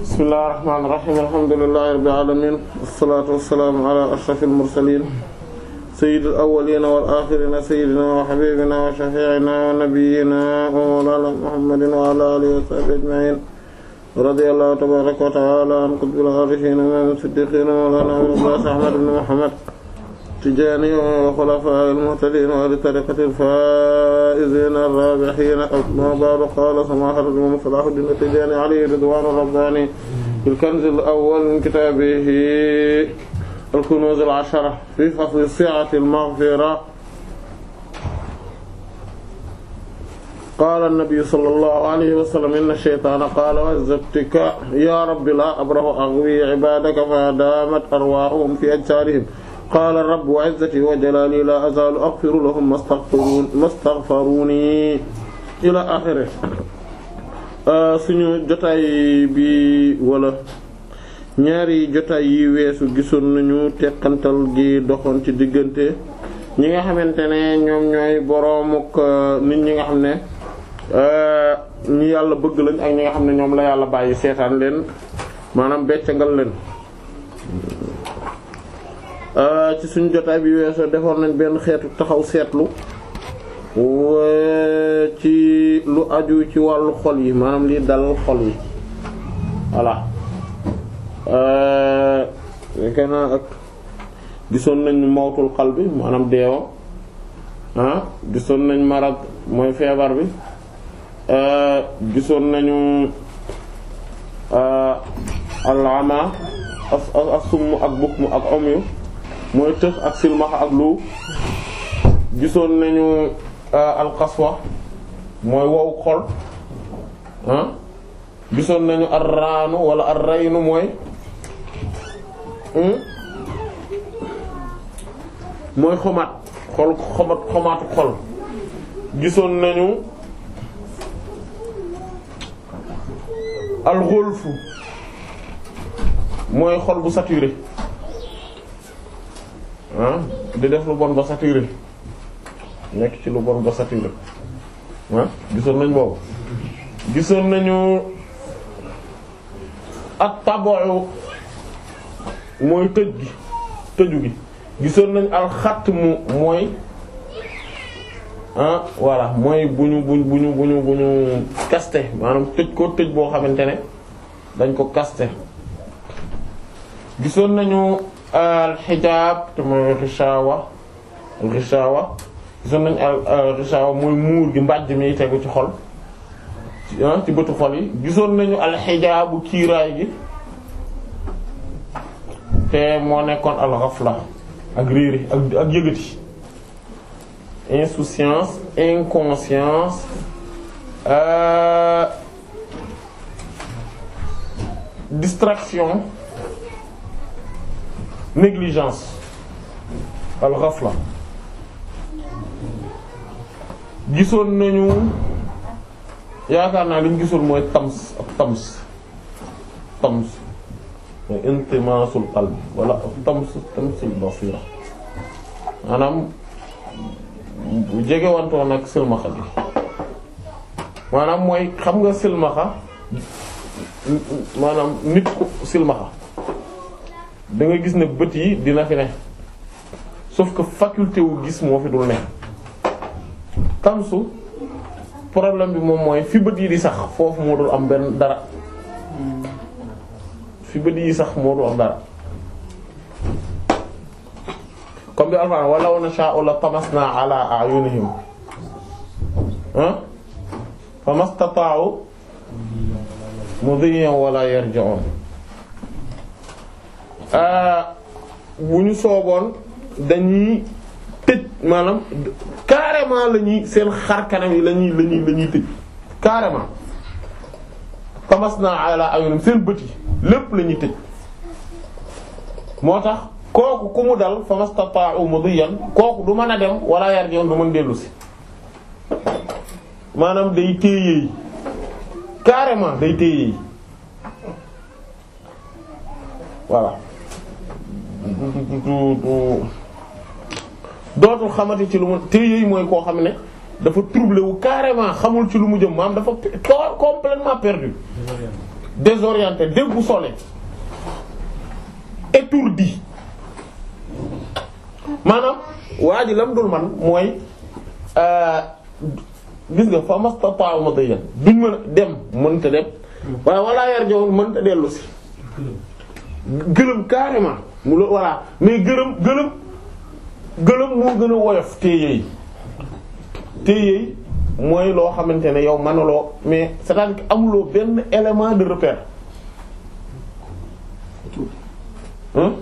bismillahir rahmanir rahim alhamdulillahi rabbil alamin wassalatu wassalamu ala ashrafil mursalin sayyidil awwalina wal akhirina sayyidina wa habibina wa shafi'ina wa nabiyyina wa mawlana muhammadin wa ala alihi wa sahbihi ajma'in radiyallahu tabaraka wa ta'ala an qutbil arifin imam siddiqin mawlana abul abbas ahmad ibn muhammad tijaani wa xulafaa al-muhtadiin wa li tariqati al-faa'iziina ar-raabihiin ammaa ba'du qaala samaaxatul Salaahudiin at-Tijaani alayhi ridwaanu rabbaani fil kanzi al-awwal min kitaabihi al-kunuuz al-ashara fii fasli si'ati al-maghfira qaala an-nabiyyu sallallahu alayhi wa sallam inna ash-shaytaana qaala wazabtika yaa rabbi laa abrahu aghwii ibaadaka fa daamat arwaahuhum fii ajsaadihim qaala rabbu izzati wa jalaali laa azaalu aghfiru lahum mastaghfaruuni ilaa aaxiri euh, suñu jotaay bi wala ñaari jotaay yi weesu gisoon nañu teqantal gi doxoon ci diggante ñi nga xamante ne ñoom ñooy boroomuk euh, nit ñi nga xam ne euh, ñi yàlla bëgg lañ ak ñi nga xam ne ñoom la yàlla bàyyi seetaan leen maanaam beccangal leen Euh, ci suñu jotaay bi weesoo defoon nañ benn xeetu taxaw seetlu euh, ci lu aju ci wàllu xol yi maanaam lii dal xol yi voilà gannaaw euh, ak gisoon nañ mawtul qalbi maanaam deewam gisoon nañ marad mooy feebar bi gisoon nañu al ama as as ak bukmu ak mooy tëx ak silmaxa ak lu gisoon nañu euh, alxaswa mooy wow xol ah gisoon nañu arraanu wala arraynu mooy hmm? mooy xomaat xol xomaat xomaatu xol gisoon nañu alxulfu mooy xol bu saturé ah di def lu bon ba saturé nekk ci lu bon ba saturé gisoon nañ boobu gisoon nañu ak taboyu mooy tëj gi tëju gi gisoon nañ alxat mu mooy ah voilà mooy bu ñu buñ buñu buñu bu ñu kaste maanaam tëj ko tëj boo xamante ne dañ ko kaste gisoon nañu alxijaab te mooy richawa richawa gisoon nañ al euh, richawa mooy muur gi mbàjj mi tegu ci xol ci ah, bëtu xol yi gisoon nañu alxijaabu kiiraay gi te moo nekkoon alxafla ak réeri ak ak yëgati inconscience euh, distraction négligence al-ghafla gisoon nañu yaakaar naa li ñu gisoon mooy tams ak tams tams mooy intimasul qalb wala tams tamsil basira maanaam bu jege wantoon ak silmaxa bi maanaam mooy xam nga silmaxa maanaam nit ku silmaxa dangay gis ne bët yi dina fi ne sauf que faculté wu gis moo fi dul ne tamsu problème bi moom mooy fi bët yi di sax foofu moo dul am benn dara fi bët yi sax moo dul am dara comme bi alxuraan walaw nasha'u la tamasna ala a'yunihim ah famastata'u mudiyyan wala yarji'un Euh, bu ñu sooboon dañuy tëj maanaam carrément la ñuy seen xar kanam yi lañuy ñuy la ñuy la ñuy tëj carrément famas naa ala ayunum seen bët yi lépp la ñuy tëj moo tax kooku ku mu dal famastata'u madiyan kooku du mën a dem wala yarji'un du mën dellu maanaam day téye yi carrément day téye yi voilà. dootul xamati ci lu mu te yooyu mooy koo xam ne dafa troublé wu carrément xamul ci lu mu jëm maam dafa complètement perdu désorienté déboussolé étourdi maanaam waa ji lam dul man mooy euh, gis nga fa masta paaw ma dëjan duñ mën a dem mënta dem waaye walaa yar jowon mënta dellu si gëlëm carrément mu la voilà mais gëlëm gëlëm gëlëm moo gën a woyof téyeey téyeey mooy loo xamante ne yow manaloo mais c'est-à-dire que amuloo benn élément de repère hein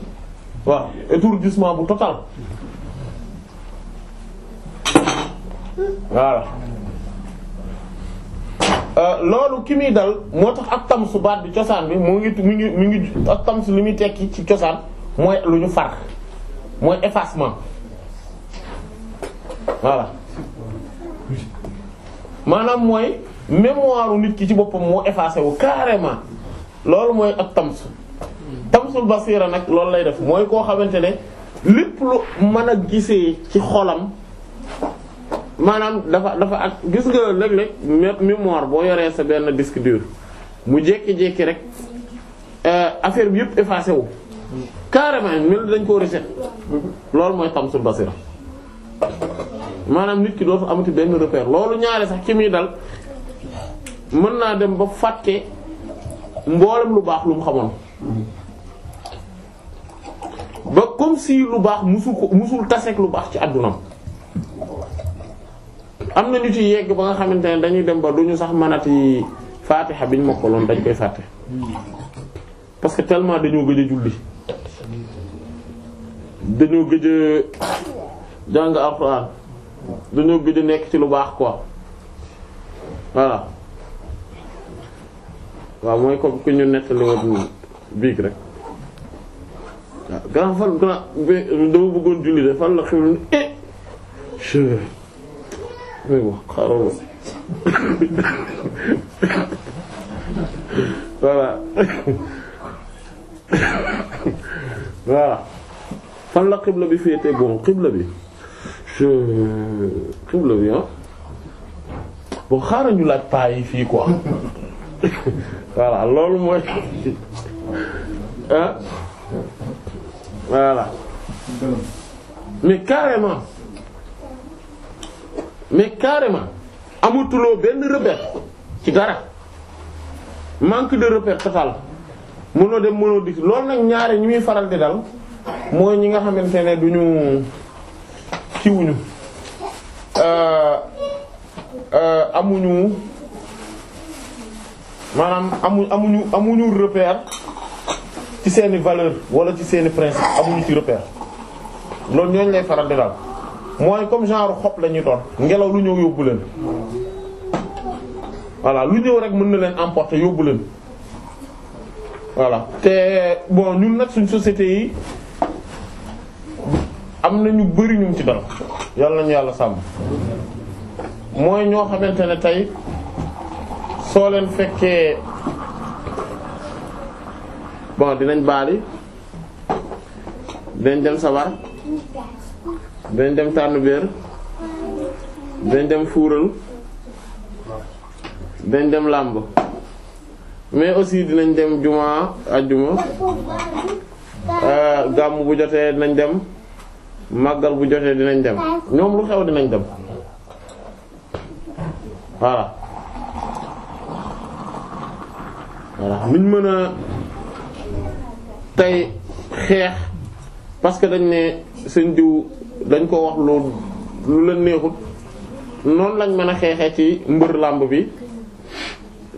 waaw étourdissement bu total voilà euh, loolu ki muy dal moo tax ak tam su baat bi cosaan bi mu ngi mu ngi mu ngi ak tam li muy tekki ci cosaan mooy lu ñu far mooy effacement voilà maanaam mooy mémoire nit ki ci boppam moo effacé wu carrément loolu mooy ak tams tamsul basira nag loolu lay def mooy koo xamante ne lépp lu mën a gisee ci xolam maanaam dafa dafa ak gis nga léeg-léeg mémoire boo yoree sa benn disque dur mu jékki-jékki rek euh, affaire bi yëpp effacé wu carrément mel dañ koo reset loolu mooy tamsul basira maanaam nit ki dootu amati benn repère loolu ñaare sax ci muy dal mën naa dem ba fàtte mboolem lu baax lu mu xamoon ba comme si lu baax musul ko musul taseeg lu baax ci àddunam am na ñu ci yegg ba nga xamante ne dañuy dem ba duñu sax manati mënati faatixa biñ mokkaloon dañ koy fàtte parce que tellement dañoo gëj a julli dañoo gëj a jàng alxuraan dañoo gëj nekk ci lu baax ko voilà waaw mooy comme ku ñu nettali woon biig rek grand fan grand dama bëggoon julli fan la xew ni eh bon fan la xibla bi féete bon xibla bi je xibla bi ah bon xaaral ñu paa yi fii ko voilà loolu mooy ah voilà mais carrément mais carrément amatuloo benn repère ci dara manque de repère total mënoo dem mënoo dikk loolu nag ñaare ñi muy faral di dal. mooy ñi nga xamante ne du ñu kiwuñu euh, euh, amuñu maanaam amu amuñu amuñu repère ci seeni valeur wala ci seeni principe amuñu ci repère loolu ñooñu lay faral di daal mooy comme genre xob la ñuy doon ngelaw lu ñëw yóbbu leen voilà lu ñëw rek mën na leen emporter yóbbu leen voilà te bon ñun nag suñ société yi am na ñu bari ñu ci dal yàlla nañu yàlla sàmm mooy ñoo xamante ne tey soo leen fekkee bon dinañ baali dinañ dem sabar dinañ dem tànn béer dinañ dem fuural dinañ dem làmb mais aussi dinañ dem jumaa ajjuma euh, gàmm bu jotee dinañ dem màggal bu jotee dinañ dem ñoom lu xew dinañ dem voilà voilà niñ mën a tey xeex parce que dañ ne seen diw dañ ko wax lu lu leen neexut noonu lañ mën a xeexee ci mbër làmb bi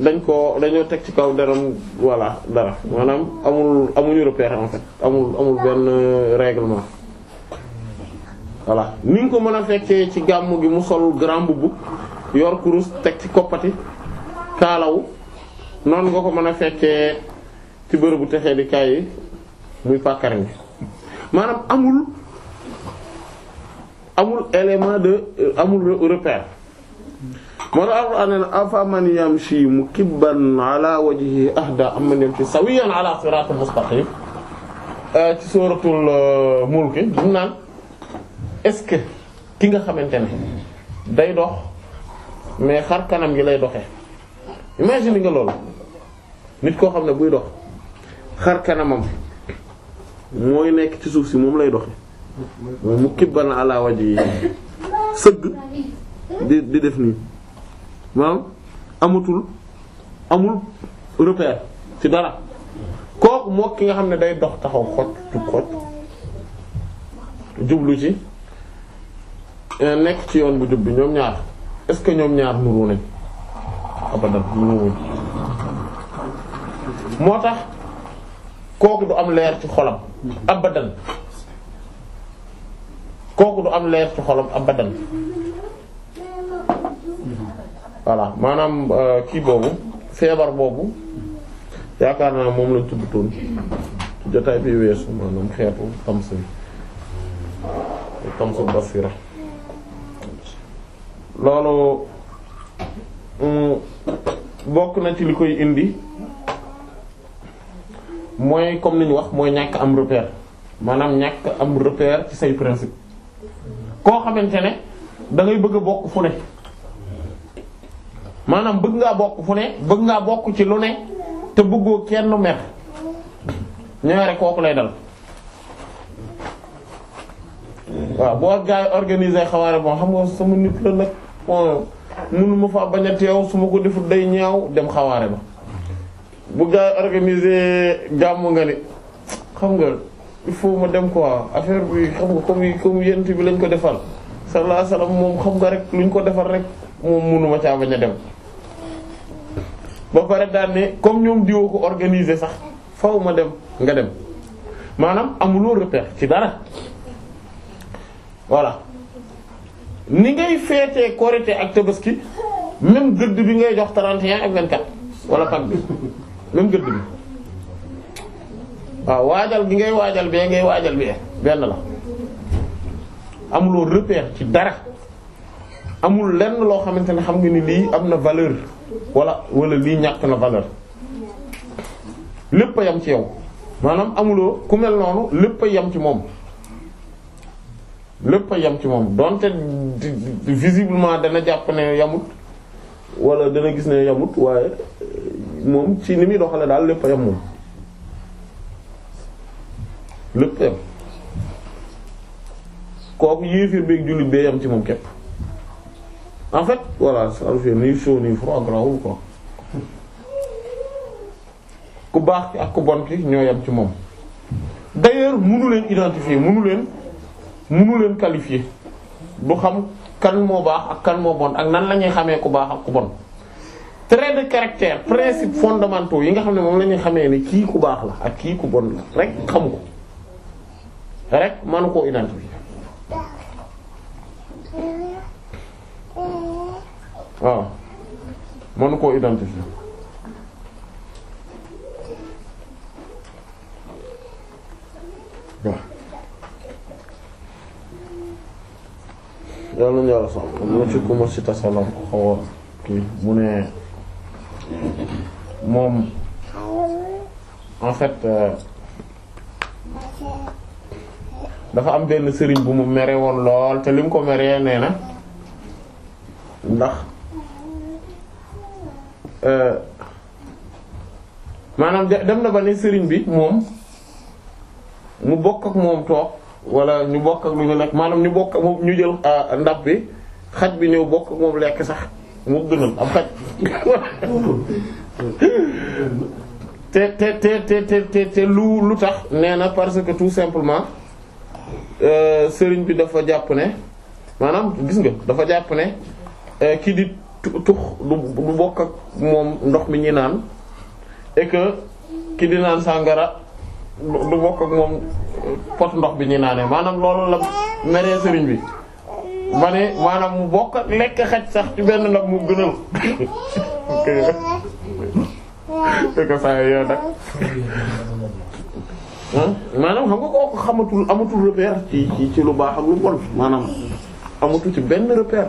dañ ko dañoo teg ci kaw deram voilà dara maanaam amul amuñu repère en amul amul benn règlement voilà ni nga ko mën a fekkee ci gàmm gi mu sol grand mbubb yor kurus teg ci koppati kaalawu noonu nga ko mën a fekkee ci bërëbu texee di kaay yi muy pàkkar mi maanaam amul amul élément de euh, amul repère moo tax alquran ne afa man yamshi mukibban ala wajhihi ahda amman yamshi sawiyan ala siratin mustaqim euh, ci suratul euh, mulk mu naan est-ce que ki nga xamante ne day dox mais xar kanam gi lay doxee imagine nga loolu nit koo xam ne buy dox xar kanamam mooy nekk ci suuf si moom lay doxe mooy mu kibban ala waji sëgg di di def nii maanaam amatul amul repère ci dara kooku moo ki nga xam ne day dox taxaw xot jublu ci Eh, nekk ci yoon bu jub bi ñoom ñaar est-ce que ñoom ñaar nuru nañ abadan nuru moo tax kooku du am leer ci xolam abadan kooku du am leer ci xolam abadan voilà maanaam euh, kii boobu feebar boobu yaakaar naa moom la tudd toon bi weesu maanaam xeetu tams bi tams basira loolu mm, bokk na ci li koy indi mooy comme ni ñu wax mooy ñàkk am repère maanaam ñàkk am repère ci say principe koo xamante ne dangay bëgg a bokk fu ne maanaam bëgg ngaa bokk fu ne bëgg ngaa bokk ci lu ne te bëggoo kenn mer ñaare kooku lay dal waaw boo gaa yi organiser xawaare boo xam nga sama nit la nag bon mënu ma faa bañ a teew su ma ko defut day ñaaw dem xawaare ba bu gaa yi organiser gàmm nga ni xam nga il faut ma dem ko affaire bi xam nga comme comme yent bi lañ ko defal sallallahu alayhi moom xam nga rek luñ ko defal rek moom mënuma caa bañ a dem ba pare daan comme ñoom diwoo ko organiser sax faw ma dem nga dem maanaam amuloo repère ci dara voilà ni ngay feetee korite ak tabaski même gëdd bi ngay jox 31 ak 24 wala pag bi même gëdd bi waaw waajal gi ngay waajal bee ngay waajal bee benn la amuloo repère ci dara amul lenn loo xamante ne xam nga ni lii am na valeur wala wala lii ñàkk na valeur lépp a yam ci yow maanaam amuloo ku mel noonu lépp a yam ci moom lépp a yem ci moom donte visiblement dana jàpp ne yamut wala dana gis ne yamut waaye euh, moom ci ni muy doxale daal lépp a yem moom lépp a yem kooku yéefir beeg jullit bee yem ci moom képp en fait voilà ça fait ni chaud ni froid grawul quoi ku baax ki ak ku bon ki ñoo yem ci moom d'ailleurs mënu leen identifier mënu leen munu leen qualifier du xam kan moo baax ak kan moo bon ak nan la ñuy xamee ku baax ak ku bon trait de caractère principe fondamentaux yi nga xam ne moom la ñuy xamee ne kii ku baax la ak kii ku bon la rek xamu ko rek manu koo identifier waaw manu koo identifier yàlla na yàlla sàmm ci ku ma ko xaw mu ne moom en fait dafa am benn sëriñ bu mu mere woon lool te lim ko meree nee na ndax euh, maanaam dem na ba ne sëriñ bi moom mu bokk ak moom toog wala ñu bokk ak lu ñu lekk maanaam ñu bokk moom ñu jël ah, ndab bi xaj bi ñëw bokk ak moom lekk sax moo gënal am xaj te te te te te te lu lu tax nee na parce que tout simplement euh, sëriñ bi dafa jàpp ne maanaam gis nga dafa jàpp ne euh, kii di tux du bokk ak moom ndox mi ñi naan et que di naan sàngara du bokk ak moom pot ndox bi ñu naanee maanaam loolu la meree sëriñ bi ma ne maanaam mu bokk ak lekk xaj sax ci benn ndab mu gënal ko saa yoo nag maanaam xam nga kooku xamatul amatul repère ci ci lu baax ak lu bon maanaam amatu ci benn repère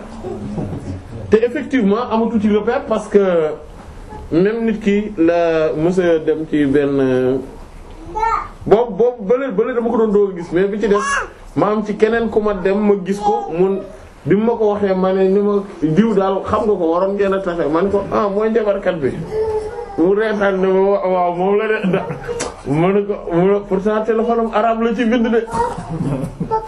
te effectivement amatu ci repère parce que même nit ki la mësa dem ci benn boobu boobu bële bële dama ko doon doo gis mais bi ci des ma ci keneen ku ma dem ma gis ko mun bi ma ko waxee ma ne ni ma diw daal xam nga ko waroon ngeen a tafe ma ne ko ah mooy bi mu reetaan ne ma waaw moom la ko ma pourtant téléphone la ci bind de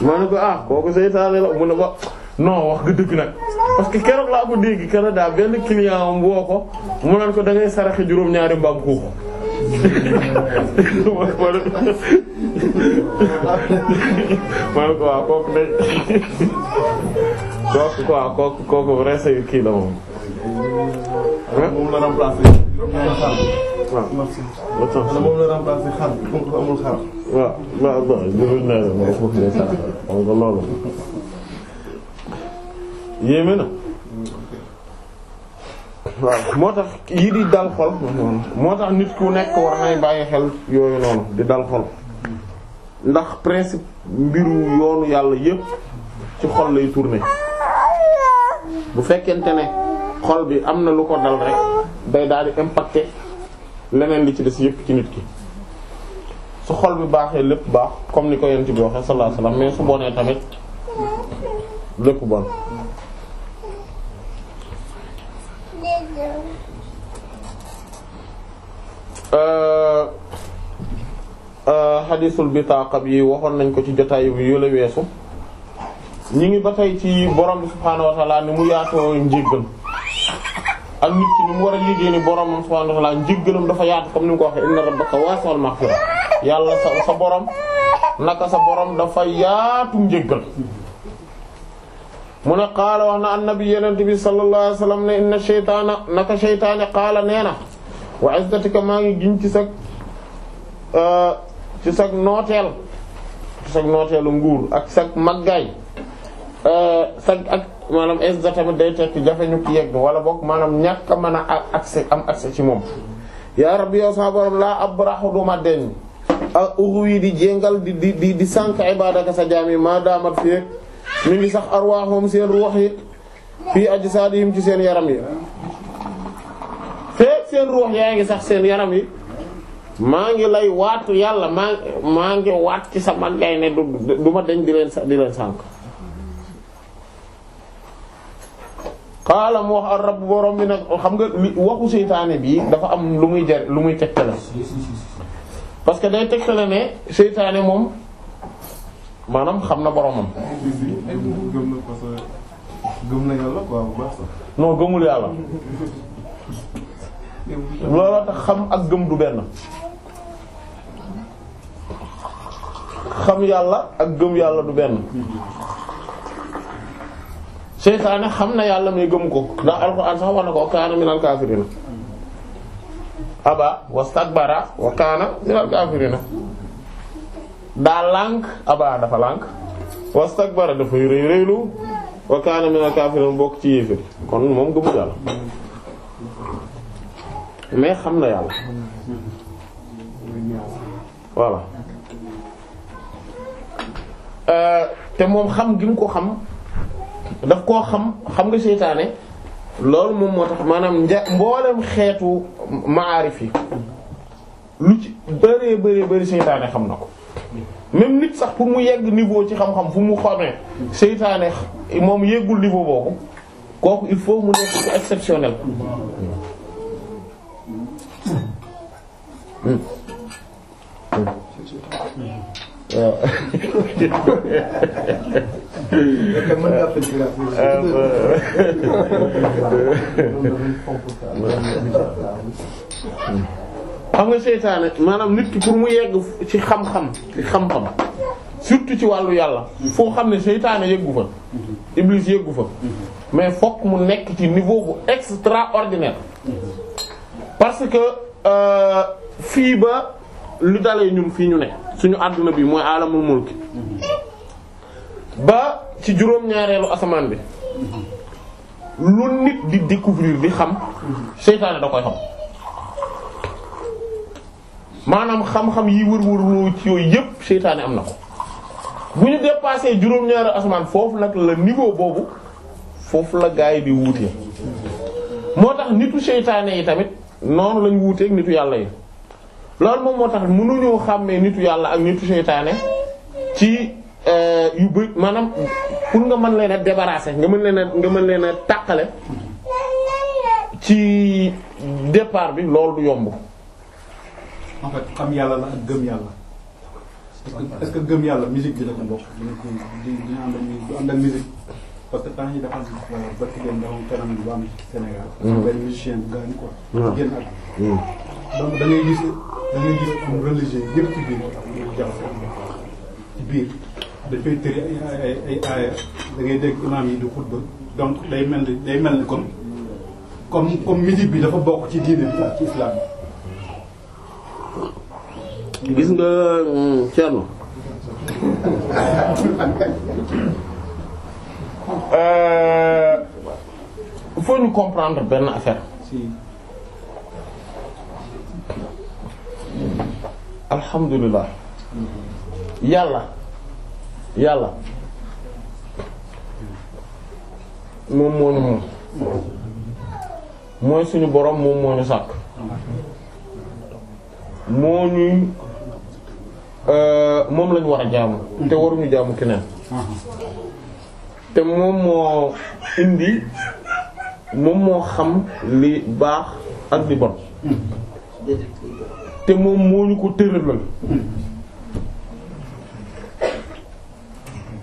ma ne ko ah kooku seytaane la mu ne ko non wax nga dëgg nag parce que keroog laa ko dégg Canada benn client am woo ko mu naan ko da ngay saraxe juróom-ñaari mbaam xuux man ko waaw kooku dañ kooku waaw kooku kooku vrai c'est e kii la moom. moom la remplacé. waaw moom la remplacé xar bi amul xar. waaw waaw bon jërëjëf moom foofu lay tax xam nga loolu yéeme na. waaw moo tax yii di dal xol moo tax nit ku nekk war nay bàyyi xel yooyu noonu di dal xol ndax principe mbiru yoonu yàlla yépp ci xol lay tourner bu fekkente ne xol bi am na lu ko dal rek day daal di impacter leneen li ci des yépp ci nit ki su xol bi baaxee lépp baax comme ni ko yent bi waxee sallallahu alayhi wasallam mais su bonee tamit lépp bon xadisul uh, uh, bitaaqa bi waxoon nañ ko ci jotaay bi yole weesu ñu ngi ba tey ci borom bi subhaanahu wa ni mu yaatoo njéggal ak nit ki mu war a liggéey ni borom subhaanahu wa ta'ala dafa yaatu comme ni mu ko waxee inna rabbaka waasi'ul yàlla sa sa borom naka sa borom dafa yaatu njéggal mu ne qaala wax na annabi yenent bi sallallahu alayhi wasallam ne inna sheytaana naka sheytaane qaala nee wa izzatika maa ngi giñ ci sag euh, ci sag nooteel ci sag nooteelu nguur ak sag maggaay euh, sag ak maanaam izza tamit day tekk jafe ñu ki yegg wala bokk maanaam ñàkk a mën a accès ci moom yaa rabbi yow sa laa abrahu duma deñ ak uxu di jéngal di di di sa jaam maa daamat fi mi ngi sax arwaaxum seen ruux yi fii aj ajsaadihim ci seen yaram yi feek seen ruux yaa ngi sax seen yaram yi maa ngi lay waat yàlla maa maa ngi waat ci sama ngay ne du du ma dañ di leen di leen sànk xaala mu wax ar rabb borom bi nag xam nga li waxu seytaane bii dafa am lu muy jar lu muy tegtale parce que day tegtale ne seytaane moom maanaam xam na boromam. gëm na yàlla quoi bu baax sax. gëmul yàlla. looloo tax xam ak gëm du benn. xam yàlla ak gëm yàlla du benn. seytaane xam na yàlla mais gëm ko ndax alxuraan sax wax na ko kaana minal kaafiriina. aba wastakbara wa kaana minal kaafiriina daa lànk abaa dafa lànk wastakbara dafay rëy rëylu wa kaana minal kaafiriin bokk ci yéeféer kon moom gëmul yàlla mais xam na yàlla voilà euh, te moom xam gi mu ko xam daf koo xam xam nga seytaane loolu moom moo tax maanaam nja mboolem xeetu maarif yi lu ci bëree bëri bëri seytaane xam na ko même nit sax pour mu yegg niveau ci xam-xam fu mu xamee seytaane moom yeggul niveau boobu kooku il faut mu nekk ci exceptionnel xam nga seytaane maanaam nit ki pour mu yegg ci xam-xam surtout ci wàllu yàlla foo xam ne seytaane yeggu fa iblis yeggu fa mais fokk mu nekk ci niveau bu extraordinaire parce que euh, fii ba lu dalee ñun fii ñu ne suñu àdduna bi mooy alamul mulk ba ci juróom-ñaareelu asamaan bi lu nit di découvrir di xam seytaane da koy xam maanaam xam-xam yi wër-wërloo ci yooyu yépp seytaane am na ko bu ñu dépassé juróom-ñaari asamaan foofu nag la niveau boobu foofu la gaay bi wuutee moo tax nitu seytaane yi tamit noonu lañ wuuteeg nitu yàlla yi loolu moom moo tax mënuñoo xàmmee nitu yàlla ak nitu seytaane ci euh, yu bëri maanaam pour nga mën leen a débarrasser nga mën leen a nga mën leen a tàqale ci départ bi loolu yomb en fait xam yàlla la ak gëm yàlla. est-ce que gëm yàlla musique bi la bokk ko dina ànd ak du ànd parce que temps yii dafa bëgg ngeen dafa kanam bu am ci Sénégal. Mm-hmm. benn musicien bu mm-hmm. mm-hmm. da ngay gis da ngay am religieux yëpp ci biir jàpp ci biir dafay tëri ay ay ay aaya dégg imaam yi du xutba donc day mel ni day mel ni comme comme comme bi dafa bokk ci diine bi ci islam gis nga euh, Thierno euh, il faut ñu benn affaire alhamdulilah yàlla yàlla moom moo ñu moom mooy suñu boroom moom moo ñu sàkk moo ñuy euh, moom lañu wax a jaamu te waruñu jaamu keneen te moom moo indi moom moo xam li baax ak li bon te moom moo ñu ko tëralal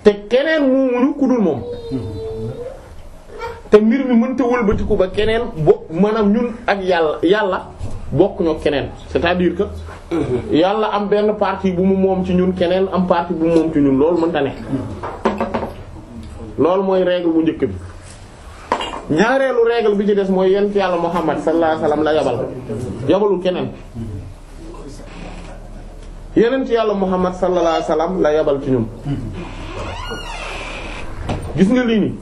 te keneen moomuñu ku dul moom te mbir mi mënta wëlbatiku ba keneen bo maanaam ñun ak yàlla yàlla bokkuñoo keneen c'est-à-dire que mhm. yàlla am benn partie bu mu moom ci ñun keneen am partie bu mu moom ci ñun loolu mënta ne loolu mooy règle bu njëkk bi ñaareelu règle bi ci des mooy ci yàlla Muhammad sallallahu alayhi la yabal yabalul keneen yeneen ci yàlla Muhammad sallallahu alayhi la yabal ci ñun gis nga lii nii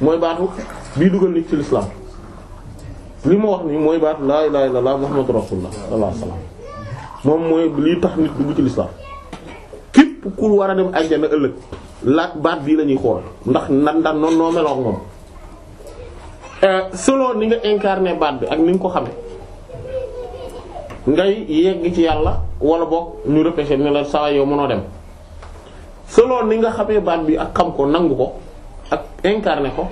mooy baatu bii dugal nit ci l'islam li ma wax nii mooy baatu laa ilaaha illallaah muhammadu rasuulullaah sallallaahu alayhi wa moom mooy lii tax nit dugg ci lislaam képp ku war a dem àjjana ëllëg laa baat bii lañuy xool ndax nan daan noonu noo meloon moom. Euh, selon ni nga incarné baat bi ak ni nga ko xame ngay yegg ci yàlla wala boog ñu repêché ne la saa yow mënoo dem selon ni nga xamee baat bi ak xam ko nangu ko ak incarné ko.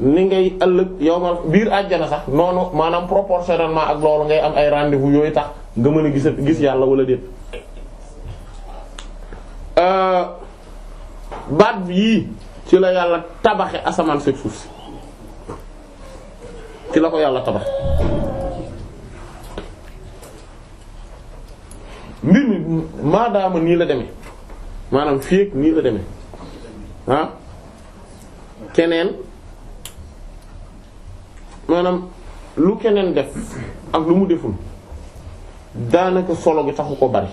ni ngay ëllëg yow ma biir àjjana sax noonu maanaam proportionnellement ak loolu ngay am ay rendez-vous yooyu tax nga mën a gis gis yàlla wala déet. Euh, baat yii ci la yàlla tabaxe asamaan seeg suuf si ci la ko yàlla tabax mbir mi maadaama nii la deme maanaam fii ak nii la deme ah keneen. maanaam lu keneen def ak lu mu deful daanaka solo gi taxu ko bari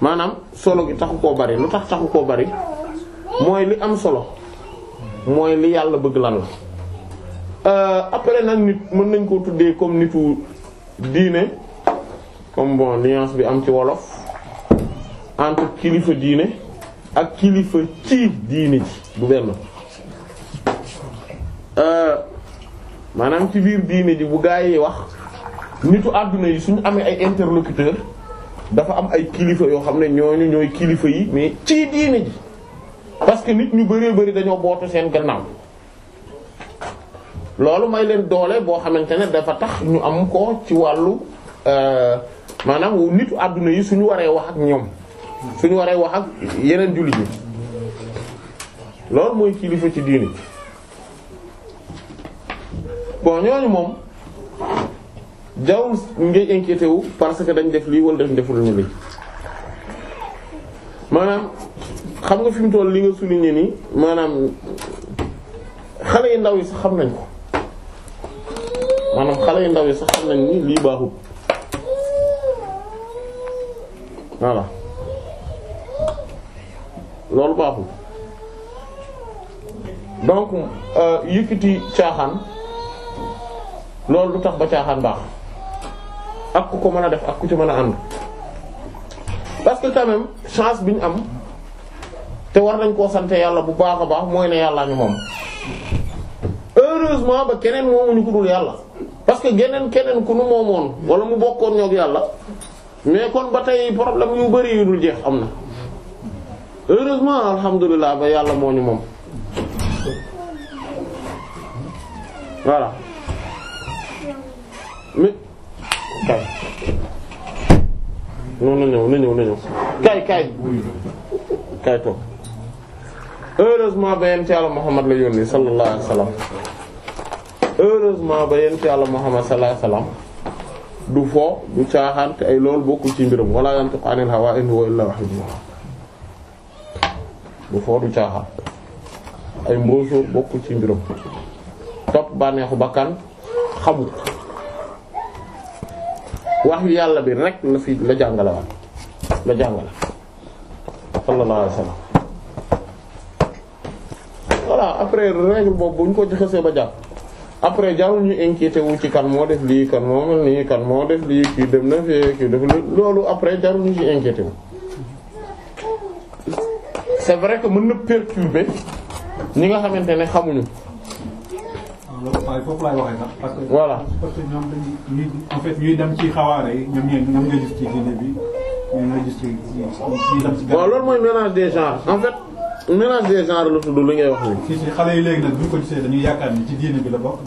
maanaam solo gi taxu koo bari lu tax taxu koo bari mooy li am solo mooy li yàlla bëgg lan la euh, après nag nit mën nañ koo tuddee comme nitu diine comme bon nuance bi am ci wolof entre kilifa diine ak kilifa ci diine ji bu benn maanaam ci biir diine ji bu gaa yi wax nitu àdduna yi suñu amee ay interlocuteur dafa am ay kilifa yoo xam ne ñooñu ñooy kilifa yi mais ci diine ji parce que nit ñu bëree bari dañoo bootu seen gannaaw loolu may leen doole boo xamante ne dafa tax ñu am ko ci wàllu euh, maanaam nitu àdduna yi suñu waree wax ak ñoom suñu waree wax ak yeneen jullit yi loolu mooy kilifa ci diine bon ñooñu moom jaww ngay inquiété wu parce que dañ def lii wala dañ deful ñu lii maanaam xam nga fi mu toll li nga souligné nii maanaam xale yu ndaw yi xam nañ maanaam xale yu ndaw yi sa xam nañ ni lii baaxul voilà loolu baaxul donc euh, yëkkati caaxaan. loolu du tax ba caaxaan baax ak ku ko mën a def ak ku ci mën a ànd parce que quand même chance bi ñu am te war nañ koo sante yàlla bu baax a baax mooy ne yàllaa ñu moom heureusement ba keneen moomuñu ko dul yàlla parce que geneen keneen ku nu moomoon wala mu bokkoon ñoog yàlla mais kon ba tey problème yu bari yu dul jeex am na heureusement alhamdulilah ba yàlla moo ñu moom voilà mais kay non na ñëw na ñëw na ñëw kay kay kay toog heureusement ba yent yàlla Muhammad la yónni sallallahu alayhi wasallam heureusement ba yent yàlla Muhammad sallallahu alayhi wasallam du fo du caaxaan te ay loolu bokkul ci mbiram wala yantiqu anil hawa in huwa illa wahyun du fo du caaxaan ay mbóosóor bokkul ci mbiram topp bànneexu bakkan xamut wax yàlla bi rek la fi la jàngale waat la jàngale sallallahu alayhi après règle boobu bu ñu ko joxesee ba jàpp après jarul ñu inquiété ci kan moo def lii kan moo mel nii kan moo def lii kii dem na fee kii def loolu après jarul ñu ci inquiété wu c'est vrai que mën na perturber ni nga xamante ne xamuñu loolu foofu laay parce que voilà parce que ñoom dañuy en fait ñuy gis ci génne bi waaw loolu mooy mélange des genres en fait. mélange des genres la tudd li ngay wax nii. xale yi léegi nag bu ñu ko gisee dañuy yaakaar ni ci diine bi la bokk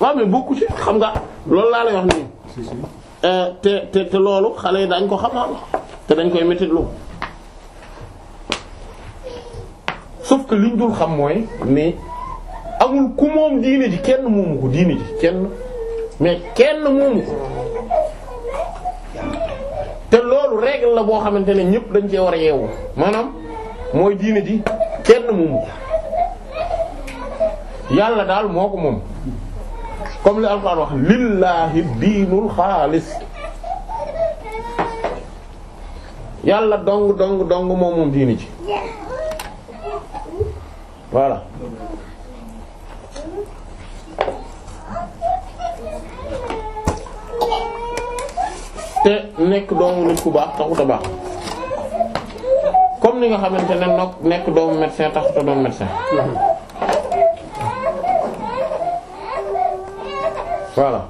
waaw mais bokku ci xam nga loolu laa lay wax nii. Euh, te te te loolu xale yi dañ ko xamal te dañ koy méttitlu. sauf que liñ dul xam mooy mais amul ku moom diine ji kenn moomu ko diine ji kenn mais kenn moomu ko te loolu règle la boo xamante ne ñépp dañ cee war a yeewu maanaam mooy diine ji kenn moomu ko yàlla daal moo ko moom comme li Alxuraan wax lillaahi diinul xaalis yàlla dong dong dong moom moom diine ji voilà te nekk doomu nit ku baax taxut a baax comme ni nga xamante ne nag nekk doomu médecin taxut a doon médecin voilà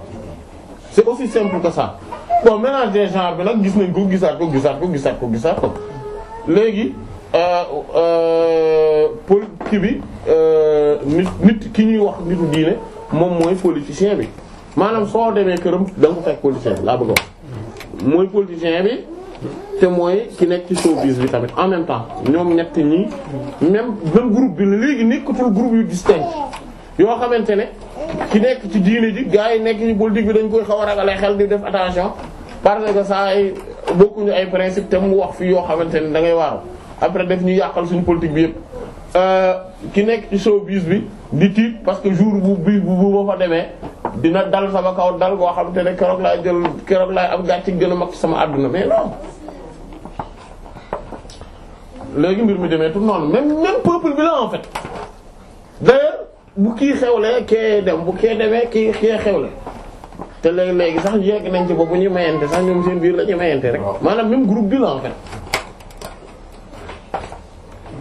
c'est aussi simple que ça bon mélange des genres bi nag gis nañ ko gisaat ko gisaat ko gisaat ko gisaat ko léegi euh, euh, politique bi euh, nit nit ki ñuy wax nitu diine moom mooy politicien bi maanaam soo demee këram da nga ko fekk laa bëgg a mooy politicien bi te mooy ki nekk ci showbiz bi tamit en même temps ñoom ñett ñi même même groupe bi léegi nekkatul groupe yu distinct yoo xamante ne ki nekk ci diine ji gars yi nekk ci politique bi dañ koy xaw a ragale xel di def attention parce que saa ay bokkuñu ay principe te mu wax fii yoo xamante ne dangay ngay waaru après def ñu yàqal suñu politique bi yëpp euh, ki nekk ci showbiz bi di tiit parce que jour bu bi bu ma fa demee dina dal sama kaw dal boo xam te ne keroog laay jël keroog laay am gàcce gën a sama àdduna mais non léegi mbir mu demee tout noonu même même peuple bi la en fait d'ailleurs bu kii xewlee kee dem bu kee demee kii xew xewle te léegi léegi sax yegg nañ ci boobu ñuy mayante sax ñoom seen biir lañuy ñuy mayante rek maanaam même groupe bi la en fait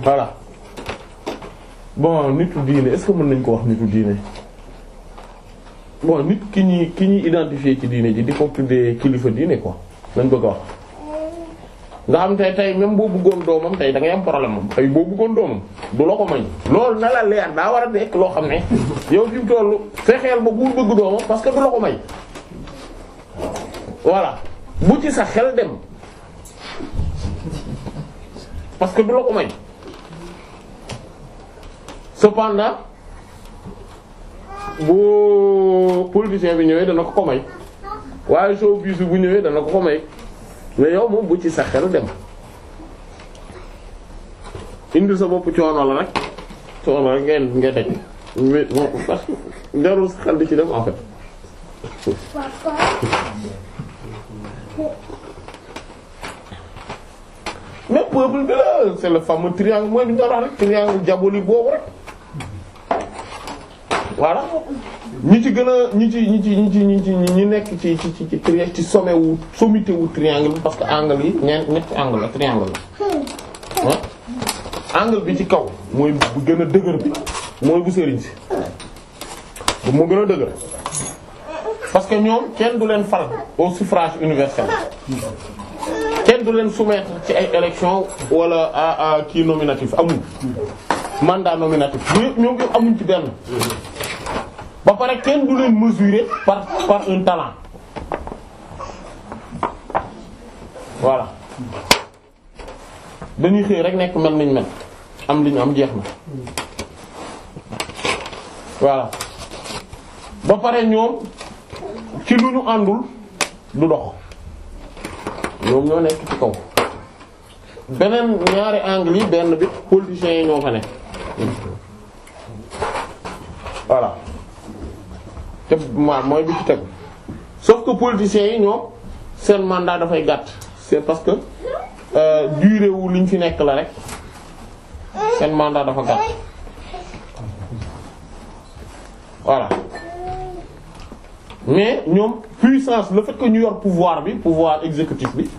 voilà bon nitu diine est mën nañ ko wax nitu diine. bon nit ki ñuy ki ñuy identifier ci diine ji di ko tuddee kilifa diine ko lañ bëgg a nga xam te tey même boo bëggoon doomam tey da ngay am problème moom tey boo bëggoon doomam du la ko mañ loolu na la leer daa war a nekk loo xam ne yow fi mu fexeel ba bul bëgg doomam parce que du la ko may voilà bu ci sa xel dem parce que du la ko may cependant bu politicien bi ñëwee dana ko ko may waaye showbiz bu ñëwee dana ko ko may mais yow moom bu ci sa xelu dem indi sa bopp coono la nag coono rek ngeen ngay daj mais jarul sa xel di ci dem en fait. mais peuple bi la c'est le fameux triangle mooy bi ñu doon wax rek triangle diabolique boobu rek. voilà ñi ci gën a ñi ci ñi ci ñi ci ñi ñi nekk ci ci ci ci ci sommet wu wu triangle parce que angle yi ñeent ñetti angle la triangle angle bi ci kaw mooy bu gën a dëgër bi mooy bu sëriñ si mu gën a dëgër parce que ñoom kenn du leen fal au suffrage universel kenn du leen soumettre ci ay élection wala à à kii nominatif amul mandat nominatif ñoom ñoom amuñ ci benn. pare kenn du leen mesurer par par un talent voilà dañuy xëy rek nekk mel nañ mel am li ñu am jeex na voilà ba pare ñoom ci lu ñu àndul du dox ñoom ñoo nekk ci kaw beneen ñaari angle yi benn bi politiciens yi ñoo fa nekk te ma mooy bi ci tegu sauf que politiciens yi ñoom seen mandat dafay gàtt c'est parce que euh, durée wu liñ fi nekk la rek seen mandat dafa gàtt voilà mais ñoom puissance le fait que ñu yor pouvoir bi pouvoir exécutif bi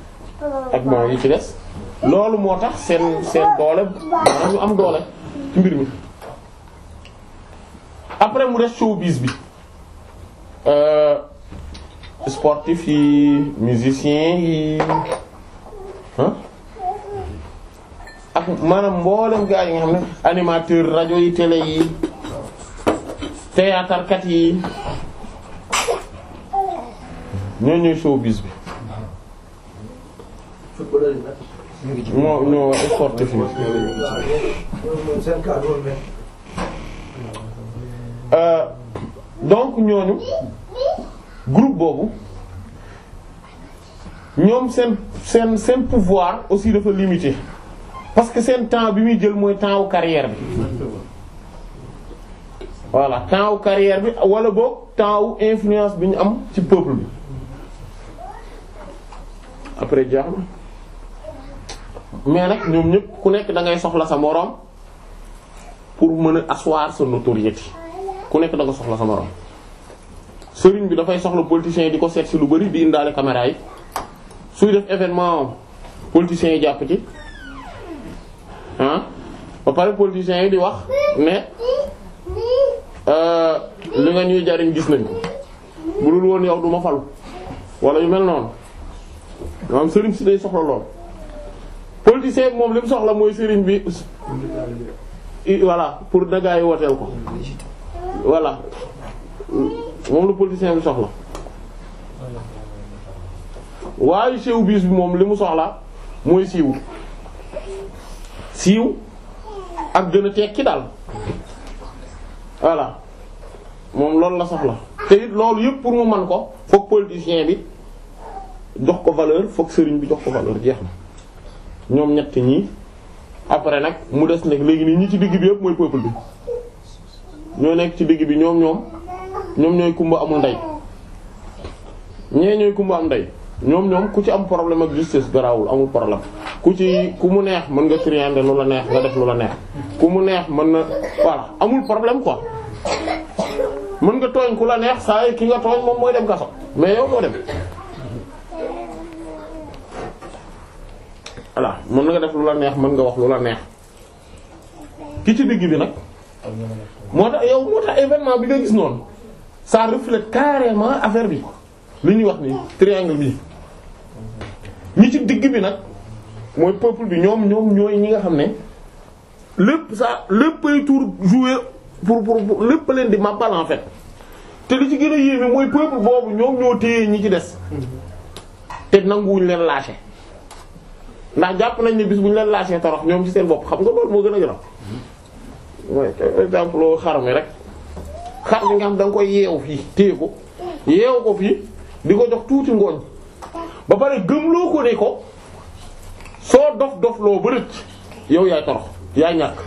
ak moom yi ci des loolu moo tax seen seen doole maanaam ñu am doole ci mbir mi après mu des showbiz bi Euh, sportif yi musicien yi ah ak maanaam mboolem gaa yi nga xam ne animateur rajo yi télé yi théâtre kat yi ñoo ñooy bi moo ñoo sportif yi euh, donc ñooñu groupe boobu ñoom seen seen seen pouvoir aussi dafa limité parce que seen temps bi muy jël mooy temps wu carrière bi voilà temps wu carrière bi wala boog temps wu influence bi ñu am ci peuple bi après jeex mais nag ñoom ñëpp ku nekk da ngay soxla sa moroom pour mën a asseoir sa notoriété ku nekk da nga soxla sa moroom. sëriñ bi dafay soxla politiciens yi di ko seet si lu bari di indaale caméra yi suy def événement politiciens yi jàpp ci ah ba pare politiciens yi di wax ne euh, li nga ñuy jariñ gis nañ bu dul woon yow du ma falu walla yu mel noonu maanaam sëriñ si day soxla lool politicien bi moom li mu soxla mooy sëriñ bi voilà pour dagaay woteel ko voilà. moom la politicien bi soxla waaye sew biis bi moom li mu soxla mooy siw siiw ak gën a tekki daal voilà moom loolu la soxla te it loolu yëpp pour mu man ko foog politicien bi jox ko valeur foog sëriñ bi jox ko valeur jeex na ñoom ñett ñi après nag mu des nag léegi nii ñi ci digg bi yëpp mooy peuple bi ñoo nekk ci digg bi ñoom ñoom ñoom ñooy kumba amul ndey ñee ñooy kumba am ndey ñoom ñoom ku ci am problème ak justice garaawul amul problème ku ci ku mu neex mën nga triander lu la neex nga def lu la neex ku mu neex mën na voilà amul problème quoi mën nga tooñ ku la neex saa yi ki nga tooñ moom mooy dem kaso mais yow moo dem voilà mën nga def lu la neex mën nga wax lu la neex ki ci digg bi nag moo tax yow moo tax événement bi nga gis noonu ça reflète carrément affaire bi li ñuy wax ni triangle bi ñi ci digg bi nag mooy peuple bi ñoom ñoom ñooy ñi nga xam ne lépp ça léppay tour joué pour pour lépp leen di màbbal en te li ci gën a yéeme mooy peuple boobu ñoom ñoo téye ñi ci des te nanguwuñ leen lâché ndax jàpp nañ ne bis bu ñu leen lâché torox ñoom ci seen bopp xam nga loolu moo gën a gën a mooy exemple xar mi rek xar bi nga xam da koy yeew fii téye ko yeewu ko fii di ko jox tuuti ngooñ ba pare gëmloo ko ne ko soo dof dof loo ba rëcc yow yaay torox yaay ñàkk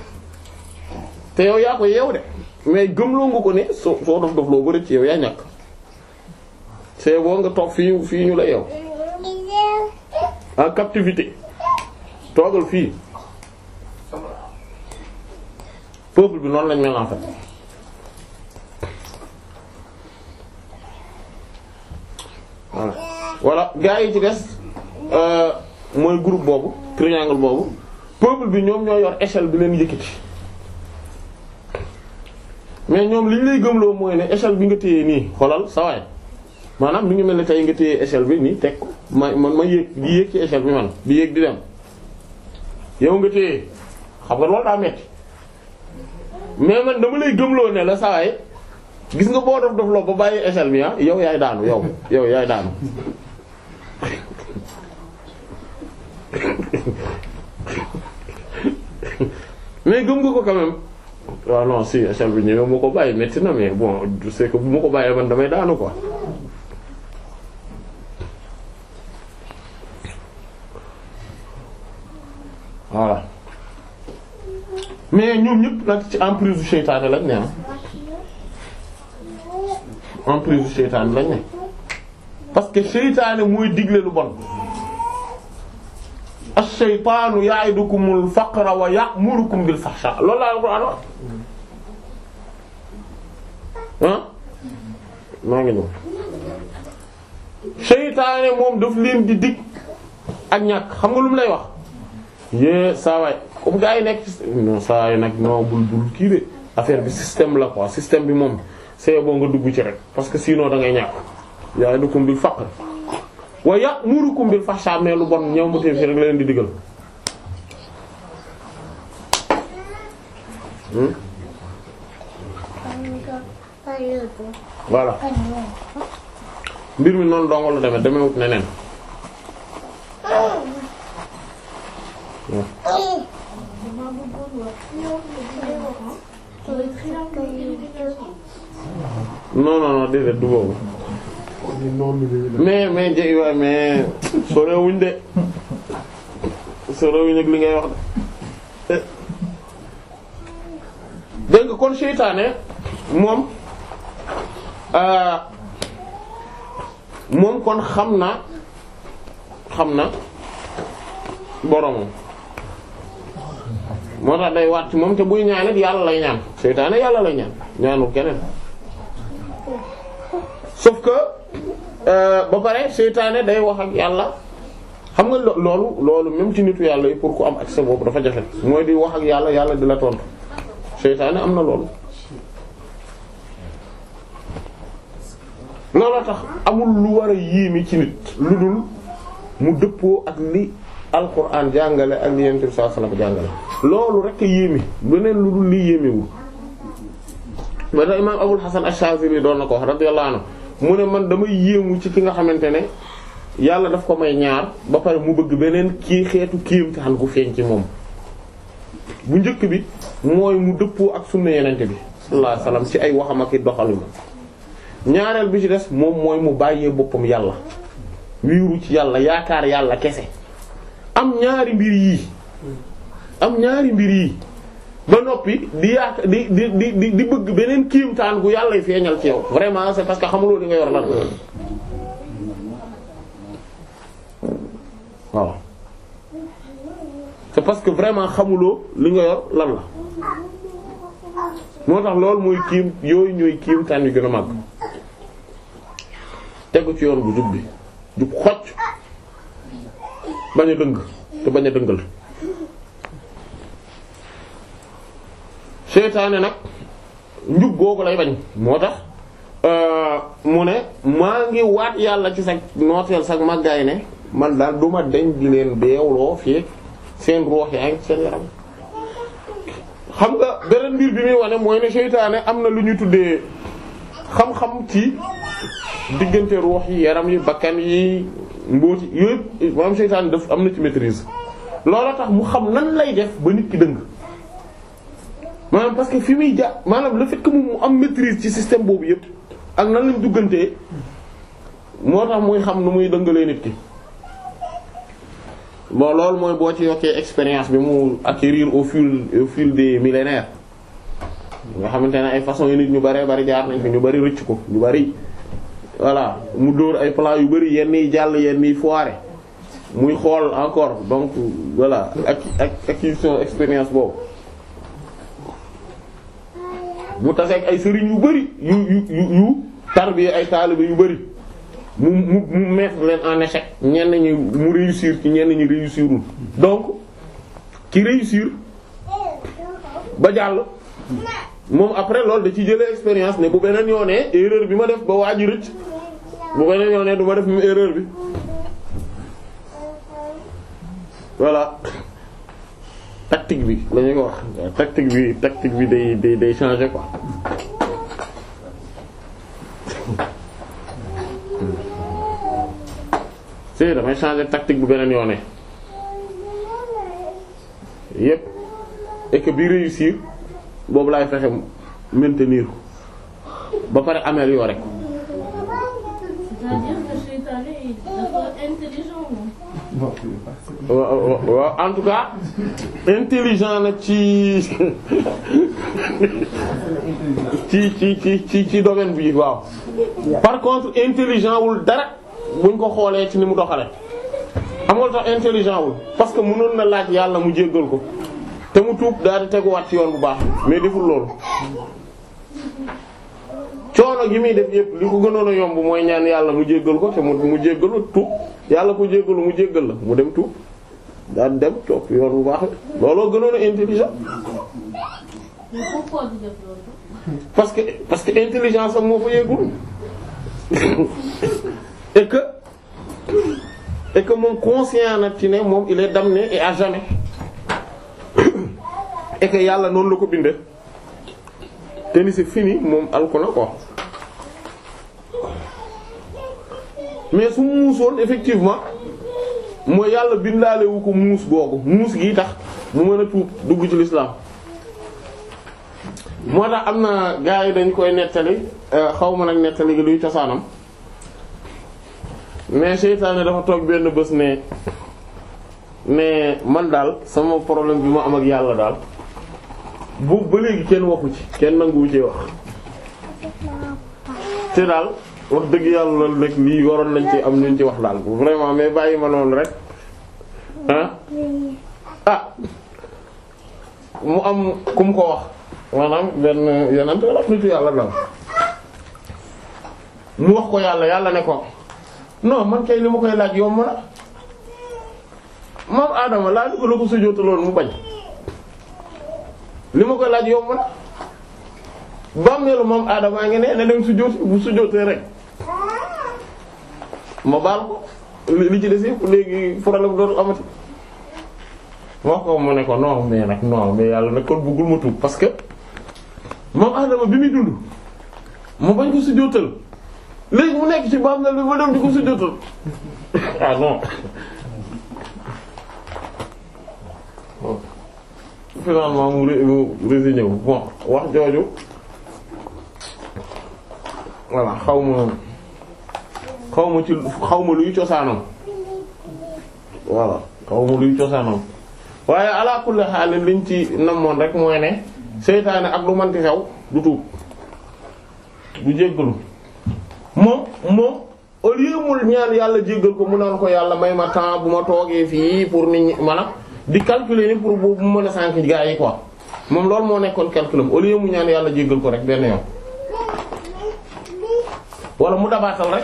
te yow yaa ko yeew de mais gëmloo nga ko ne soo soo dof dof loo ba rëcc yow yaay ñàkk c'est bon nga toog fii fii ñu la yeew en captivité toogal fii peuple bi noonu lañ mel en fait voilà voilà gaa yi ci des euh, mooy groupe boobu triangle boobu peuple bi ñoom ñoo yor échelle bi leen yëkkati mais ñoom li lay gëmloo mooy ne échelle bi nga téye nii xoolal sa maanaam mi ngi mel ne tey nga téye échelle bi nii teg ko ma man ma yéeg di yéeg ci échelle bi man di yéeg di dem yow nga téye xam nga loolu daa metti mais man dama lay gëmloo ne la saa gis nga boo dof dof ba bàyyi échelle bi ah yow yaay daanu yow yow yaay daanu mais gëm nga ko quand même waaw non si échelle bi ñëwee moo ko bàyyi métti na mais bon je que bu ma ko bàyyee man damay daanu quoi voilà mais ñoom ñëpp nag ci emprise du seytaane lañ ne ah. emprise seytaane lañ ne parce que seytaane mooy digle lu bon ash-shaytaanu ya'idukumul faqra wa ya'murukum bil fahsha loolu la Alxuraan wax ah maa ngi ñëw seytaane moom daf leen di digg ak ñàkk xam nga lu mu lay wax yée saa waay comme gars yi nekk non saa waay nag non bul bul kii de affaire bi système la quoi système bi moom c'est nga dugg ci rek parce que sinon da ngay ñàkk ya'idukum bil faqr wa ya'murukum bil fahsha mais lu bon ñëw mu rek leen di digal hmm? mi noonu dongo la non non non déedéet du boobu. mais mais jë waaye mais sorewuñ de sorewuñ ak li ngay wax de dégg kon seytaane moom euh, moom kon xam na xam na boromam moo tax day waat ci moom te buy ñaan it yàlla lay ñaan seytaane yàlla lay ñaan ñaanul keneen sauf que euh, ba pare seytaane day wax ak yàlla xam nga loolu loolu même ci nitu yàlla yi pour ku am accès boobu dafa jafe mooy di wax ak yàlla yàlla di la tontu seytaane am na loolu. looloo tax amul lu war a yéeme ci nit lu dul mu dëppoo ak li alquran jàngale ak li yonent bi sallallahu alayhi jàngale loolu rek a yéeme beneen lu dul li yéemewul. ba tax imaam Abul Hasan Ash-Shazili doon na ko wax radiyallahu anhu mu ne man damay yéemu ci ki nga xamante ne yàlla daf ko may ñaar ba pare mu bëgg beneen kii xeetu kii kéemtaan gu feeñ ci moom bu njëkk bi mooy mu dëppoo ak sunna yenent bi sallallahu alayhi wasallam ci ay waxamaki ak doxaluma ñaareel bi ci des moom mooy mu bàyyee boppam yàlla wiiru ci yàlla yaakaar yàlla kese am ñaari mbir yii am ñaari mbir yii ba noppi di yaaka di di di di bëgg beneen kiimtaan gu yàlla feeñal ci yow vraiment c'est parce que xamuloo li nga yor lan waaw parce que vraiment xamuloo li nga la moo tax loolu mooy kiim yooyu ñooy kiimtaan yu gën a màgg tegu ci yoon bu jub bi jub xocc bañ a dëng te bañ a dëngal seytaane nag njub googu lay bañ moo tax euh, mu ne maa ngi waat yàlla ci sax nooteel sax màggaay ne man daal du ma deñ di leen beewloo fii seen ruux yaa ngi seen yaram xam nga beneen mbir bi muy wane mooy ne seytaane am na lu ñu tuddee xam-xam ci diggante ruux yi yaram yi bakkan yi mbooti yooyu maanaam seytaane daf am na ci maîtrise loolu tax mu xam nan lay def ba nit ki dëng maanaam parce que fi muy ja maanaam la fait que mu am maîtrise ci système boobu yëpp ak nan lañ duggantee moo tax muy xam nu muy dëngalee nit ki bon loolu mooy boo ci yokkee expérience bi mu acquérir au fil au fil des millénaires nga xamante ne ay façon yu nit ñu bëree bari jaar nañ fi ñu bëri rëcc ko ñu bëri voilà mu dóor ay plan yu bëri yenn yi jàll yenn yi foire muy xool encore donc voilà ak ak acquisition expérience boobu mu taseeg ay sëriñ yu bëri yu yu yu yu ay taalibe yu bëri mu mu mu leen en échec ñenn ñi mu réussir ci ñenn ñi réussirul donc ci réussir ba jàll moom après loolu da ci jëlee expérience ne bu beneen yoonee erreur bi ma def ba waaj rëcc bu beneen yoonee du ma def mu erreur bi voilà tactique bi la ñu ko wax tactique bi tactique bi day day day changer ko c'est damay changer tactique bu beneen yoone yépp et que bi réussir boobu laay fexe maintenir ba pare améliorer ko. cest waaw en tout cas intelligent na ci ci ci ci ci ci domaine bi waaw par contre intelligent wul dara buñ ko xoolee ci ni mu doxale amul tax intelligent wul parce que mënoon na laaj yàlla mu jéggal ko te mu tuub daal di teguwaat ci yoon bu baax mais deful loolu coono gi muy def yépp li ko gënoon a yomb mooy ñaan yàlla mu jéggal ko te mu mu jéggalu tuub yàlla ko jéggalu mu jéggal la mu dem tuub daan dem topp yoon bu baax looloo gënoon intelligent parce que parce que intelligence am moo fa yeegul et que et que moom conscient na ci ne moom il est damné et à jamais yàlla noonu la ko bindee te ni c'est fini moom alko na mais su muusoon effectivement. moo yàlla bindaalewu ko muus googu muus gi tax mu mën a tuub dugg ci lislaam moo tax am na gaa yi dañ koy nettali euh, xaw ma nag nettali gi luy cosaanam mais seytaane dafa toog benn bés ne ne man daal sama problème bi mu am ak yàlla daal bu ba léegi kenn waxu ci kenn nanguwu ci wax te daal wax dëgg yàlla loolu nag lii waroon lañ ci am nuñ ci wax daal vraiment mais bàyyi ma noonu rek ah ah mu am ku mu ko wax maanaam benn yeneen wax nitu yàlla daal mu wax ko yàlla yàlla ne ko non man kay li ma koy laaj yomb na moom Adama laaj ko la ko sujjóotaloon mu bañ li ma koy laaj yomb na bàmmeelu moom Adama ngi ne na dem sujjóot bu sujjóotee rek. ma ko li ci des yëpp léegi problème dootul amati ma wax ko mu ne ko non nag non mais yàlla nag kon bëggul ma tuub parce que Adama bi muy dund mu bañ ko sujjóotal léegi mu nekk ci baam na li ma dem di ko sujjóotal ah non finalement mu résigné wu bon wax jooju voilà xaw ma. xaw ci xaw ma luy cosaanoo voilà xaw ma luy cosaanam waaye ala kulli liñ ci namoon rek mooy ne seytaane ak lu manti xew du tuub du jéggalu moom moom au mu ñaan yàlla jéggal ko mu naan ko yàlla may ma temps bu ma toogee fii pour ni ñi di calculer ni pour bu mën a sànq gaa yi quoi moom loolu moo nekkoon calculam au mu ñaan yàlla jéggal ko rek benn yoon wala mu dabaatal rek.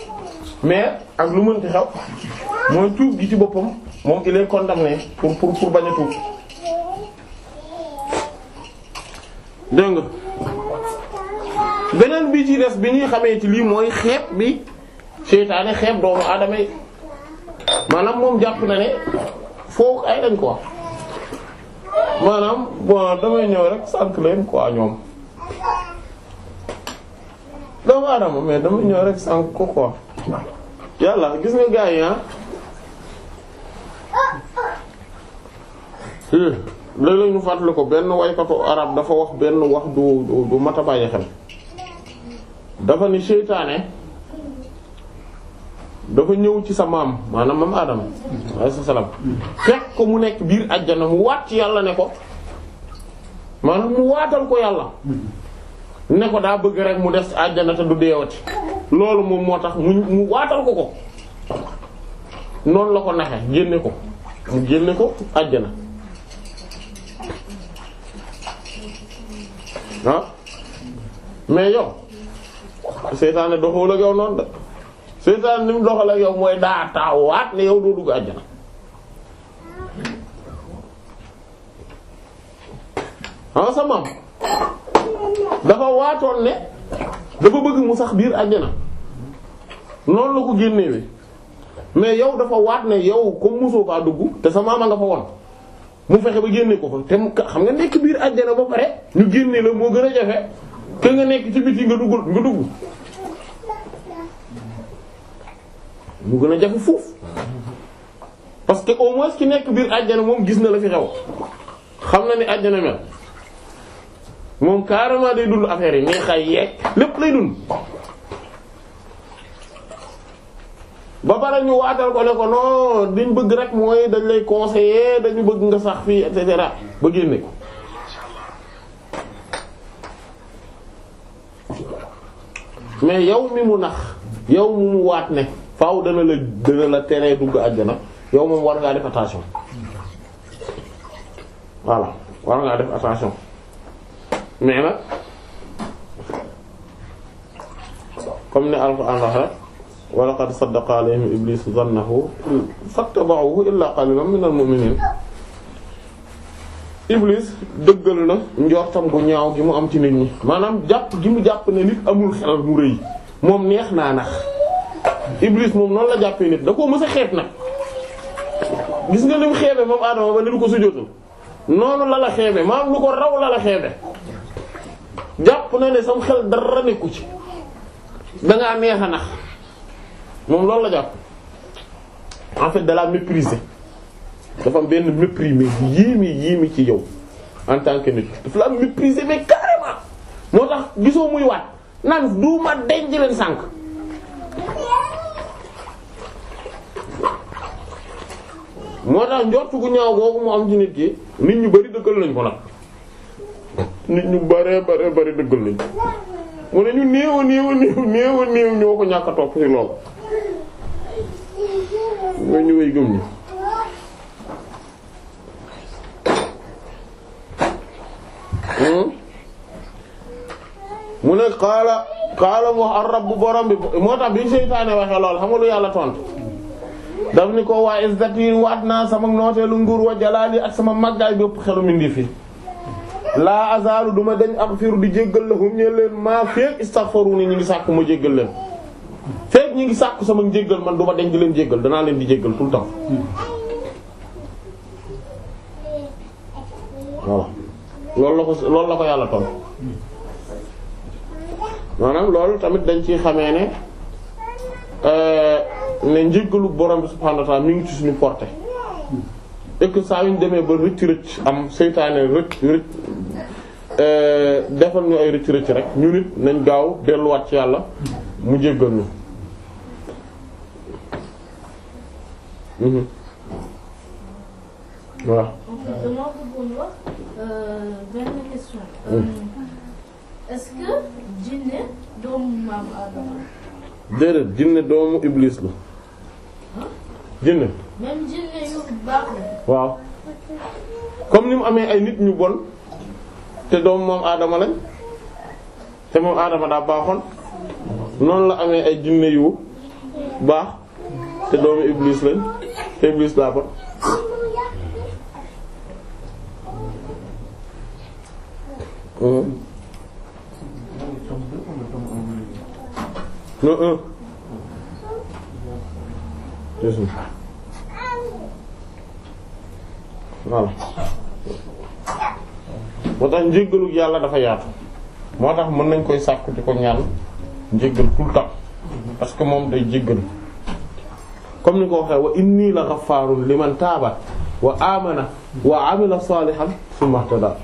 mais ak lu mënti xew mooy tuub gi ci boppam moom il est condamné pour pour pour bañ a tuub dégg beneen bi ci des bi ñuy xamee ci lii mooy xeeb bi seytaane xeeb doomu aadama yi maanaam moom jàpp na ne foo ay dañ quoi damay ñëw rek sant leen quoi ñoom doomu aadama mais damay ñëw rek sant ko quoi yàlla gis nga gaa yi ah eh, léeg-léeg ñu fàttali ko benn waykatu dafa wax benn wax du du a bàyyi xel dafa ni seytaane dafa ñëw ci sa maam maanaam maam Adama alayhi salaam fekk ko mu nekk biir àjjana mu waat ci yàlla ne ko maanaam mu waatal ko yàlla ne ko daa bëgg rek mu des àjjana te du deewati loolu moom moo tax mu mu waatal ko ko noonu la ko naxe génne ko mu génne ko àjjana ah mais yow seytaane doxul ak yow noonu de seytaane ni mu doxal ak yow mooy daa taawaat ne yow doo dugg àjjana ah sa maam dafa waatoon ne dafa bëgg mu sax biir àjjana noonu la ko génnewee mais yow dafa waat ne yow comme mosoo faa dugg te sa maama nga fa won mu fexe ba génne ko fa te xam nga nekk biir àjjana ba pare ñu génne la moo gën a jafe ke nga nekk ci biti nga duggul nga dugg mu gën a parce que au moins ki nekk biir àjjana moom gis na la fi xew xam na ni àjjana mel moom carrément de dund affaire yi neexa yeeg lépp lay dund ba pare ñu waatal ko ne ko non bëgg rek mooy dañ lay conseiller dañu bëgg nga sax fii et cetera ba génne mais yow mi mu nax yow mi mu waat ne faw dana la dana la teree dugg àjjana yow moom war ngaa def attention voilà war ngaa def attention mais nag comme ne alxuraan waxe wa laqad saddaqa alayhim iblisu zannahu fattaba'uhu illa qalilan minal mu'minin iblis gi mu am ci nit ñi maanaam jàpp gi mu jàpp ne nit amul mu moom neex naa nax iblis moom noonu la jàppee nit gis nga ni mu xeebe moom Adama ba ni lu ko sujjóotal noonu la la xeebe maam lu ko raw la la xeebe jàpp na ne sam xel dara nekku ci dangaa neex a nax moom loolu la jàpp en fet da la mépriser dafa am benn mépris mais yéeme yéeme ci yow en tant que nit dafa la am mépriser mais carrément moo tax gisoo muy waat naan duuma denc leen sànq moo tax njortu gu ñaaw googu mu am ci nit ki nit ñu bari dëkkal lañ ko nag nit ñu bare bare bare dëggal lañ mu ne ñu néew a néew a néew a néew ñoo mu ne xaala xaala hmm? mu ar-rabb borom bi moo tax bi seytaane waxee lool xam yàlla tontu daf ni ko waa izzati waat naa sama nooteelu nguur wa jalaali ak sama màggaay bépp xelu mindi fi laa azaalu duma dañ aghfiru di jéggal lahum ñeen leen maa feek istaghfiruni ñu ngi sàkk ma jéggal leen feek ñu ngi sàkku sama njéggal man duma dañ di leen jéggal danaa leen di jéggal tout le temps voilà la ko loolu la ko yàlla ton maanaam loolu tamit dañ ci xamee ne euh, ne njéggalu borom bi subhaanahu wa ta'aala mi ngi ci suñu portée et saa yu ñu demee ba rëcc rëcc am seytaane rëcc rëcc euh, defal ñu ay rëcc rëcc rek ñu nit nañ gaaw delluwaat ci yàlla mu jéggal ñu mhm. voilà. Euh, euh, mhm. dama déedéet jinne doomu Iblis la. jinne. waaw comme ni mu amee ay nit ñu bon te doom moom aadama lañ te moom aadama daa baaxoon noonu la amee ay jinne yu baax te doomu iblis lañ te daa ba non un voilà moo tax njéggalug yàlla dafa yaatu moo tax mën nañ koy sàkku di ko ñaan njéggal tout le parce que moom day jéggal comme ni ko waxee wa inni la ghaffarun liman taaba wa amana wa amila salihan summa ihtada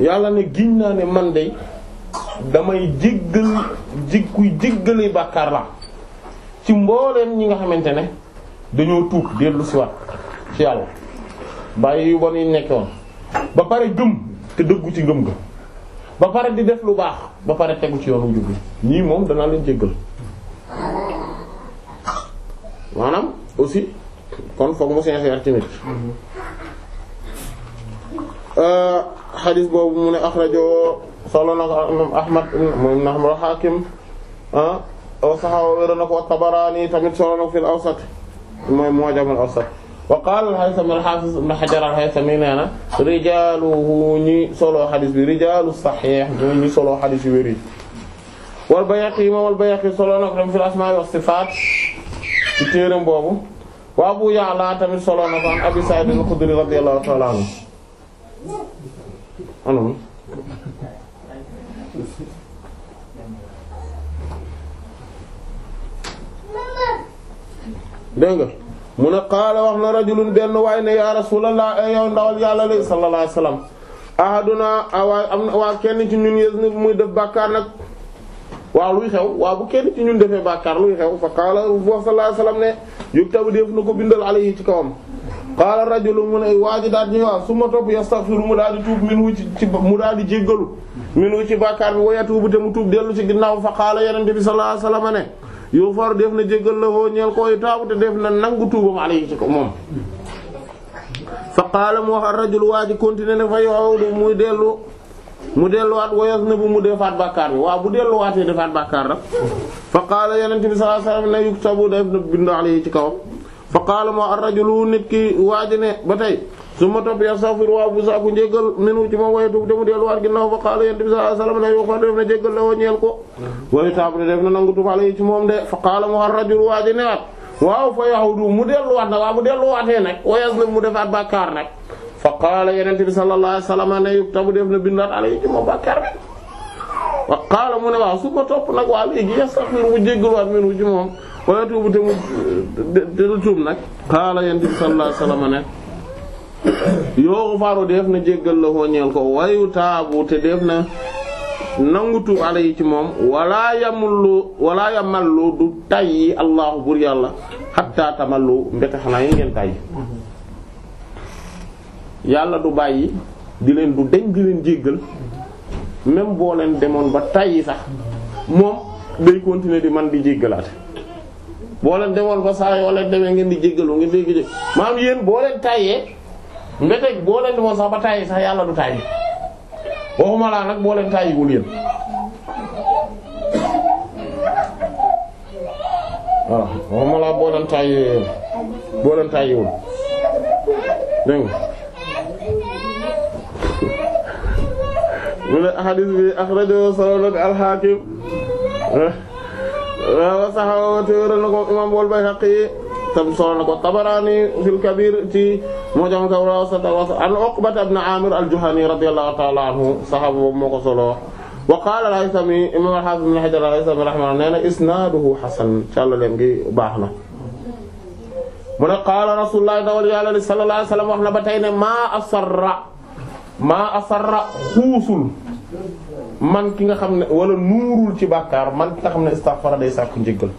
yàlla ne giñ naa ne man de damay jéggal jég kuy jéggale bàkkaar la ci mbooleen ñi nga xamante ne dañoo tuub dellu siwaat ci yàlla bàyyi yu bon yi nekkoon ba pare gëm te dëggu ci gëm ga ba pare di def lu baax ba pare tegu ci yoonu jubbi ñii moom danaa leen jéggal maanaam aussi kon foog mu sincère tamit xadis euh, boobu mu ne axrajo solo na ko imam ahmad moom na xam hakim saxaw wéra na ko Tabaraani tamit solo na ko fil awsat mooy moo jamal awsat wa qaala al-Haythami al-Hafiz ibn Hajar al-Haythami nee na rijaaluhu ñi solo xadis bi rijaalu sahih ñoo ñi solo xadis yu wér yi wal Bayhaqi moom wal Bayhaqi solo na ko tam fil asmaa wa sifaat ci téeram boobu wa Abu Ya'la tamit solo na ko an Abi Sa'id al-Khudri radiyallahu ta'ala anhu dégg nga mu ne qaala wax na rajulun benn waay ne yaa rasulallah ay eh, yow ndawal yàlla lay sallallahu alayhi wasallam ahaduna awaa ah, am waa kenn ci ñun yës nag muy def bàkkaar nag waa luy xew waaw bu kenn ci ñun defee bàkkaar luy xew fa qaala sallallahu alayhi wasallam ne yug tabu def na ko bindal alayhi ci kawam qaala rajulu mu ne waa ji daal di su ma topp yastaghfiru mu daal di tuub minhu mu daal di jéggalu minhu ci bàkkaar bi wa yatuubu te mu tuub dellu ci ginnaaw fa qaala yonent bi sallallahu alayhi ne yow far def na jéggal la woo ñeel koy taabu te def na nangu tuubam alayhi ci ko moom fa qaala mu wax ar-rajul waa ji continuer ne fa yowlu muy dellu mu delluwaat woyos na bu mu defaat bàkkaar bi waaw bu delluwaatee defaat bàkkaar la fa qaala yenente bi sallallahu alayhi wasallam ne yuktabu def na bind alayhi ci kaw fa qaala mu wax ar-rajulu nit ki waa ne ba tey su ma topp yastaghfiru waaw bu saaku njéggal minu ci moom waaye tuub demu mu delluwaat na waaw bu qaala yonent bi sallallahu alayhi ne yuktabu def na bindaat alayhi moom bàkkaar bi wa qaala mu ne waaw su ma topp nag waa léegi yastaghfiru mu jéggalwaat minu ci moom waaye tuubu te mu del tuub nag qaala yonent bi sallallahu alayhi ne yoo faaru def na jéggal la xooñeel ko wayu taabu te def na nangu tuub ala yi ci moom walaa yamullu walaa yamallu du tayyi allahu bur yàlla xatta tamallu mbete xanaa yi ngeen tàyyi yàlla du bàyyi di leen du deñ di leen jéggal même boo leen demoon ba tàyyi sax moom day continuer di man di jéggalaate boo leen demoon ba saa yoo leen demee ngeen di jéggalu ngeen di jégg maam yéen boo leen tàyyee mbete boo leen di woon sax ba tàyyi sax yàlla du tàyyi waxuma nag boo leen tàyyiwul yéen voilà waxuma tàyyi boo leen tàyyiwul dégg nga mu ne hadith bi akhrajahu solo al-Hakim wa saxawa téeral na ko imam wal Bayhaqi tam solo na ko Tabaraani fil Kabir ci Mu'jam al-Kabir an Uqbata ibn Amir al-Juhani radiyallahu ta'ala anhu saxaaba boobu moo ko solo wa qaala al-Haythami imaam al-Hafiz ibn Hajar al-Haythami rahimahullah nee na isnaaduhu hasan ci àllaleen gi baax na mu ne qaala Rasulullah dawal yàlla sallallahu alayhi wa sallam wax na ba tey ne maa asarra maa asarra xuusul man ki nga xam ne wala nuurul ci bàkkaar man ki nga xam ne istaghfara day sàkku njéggal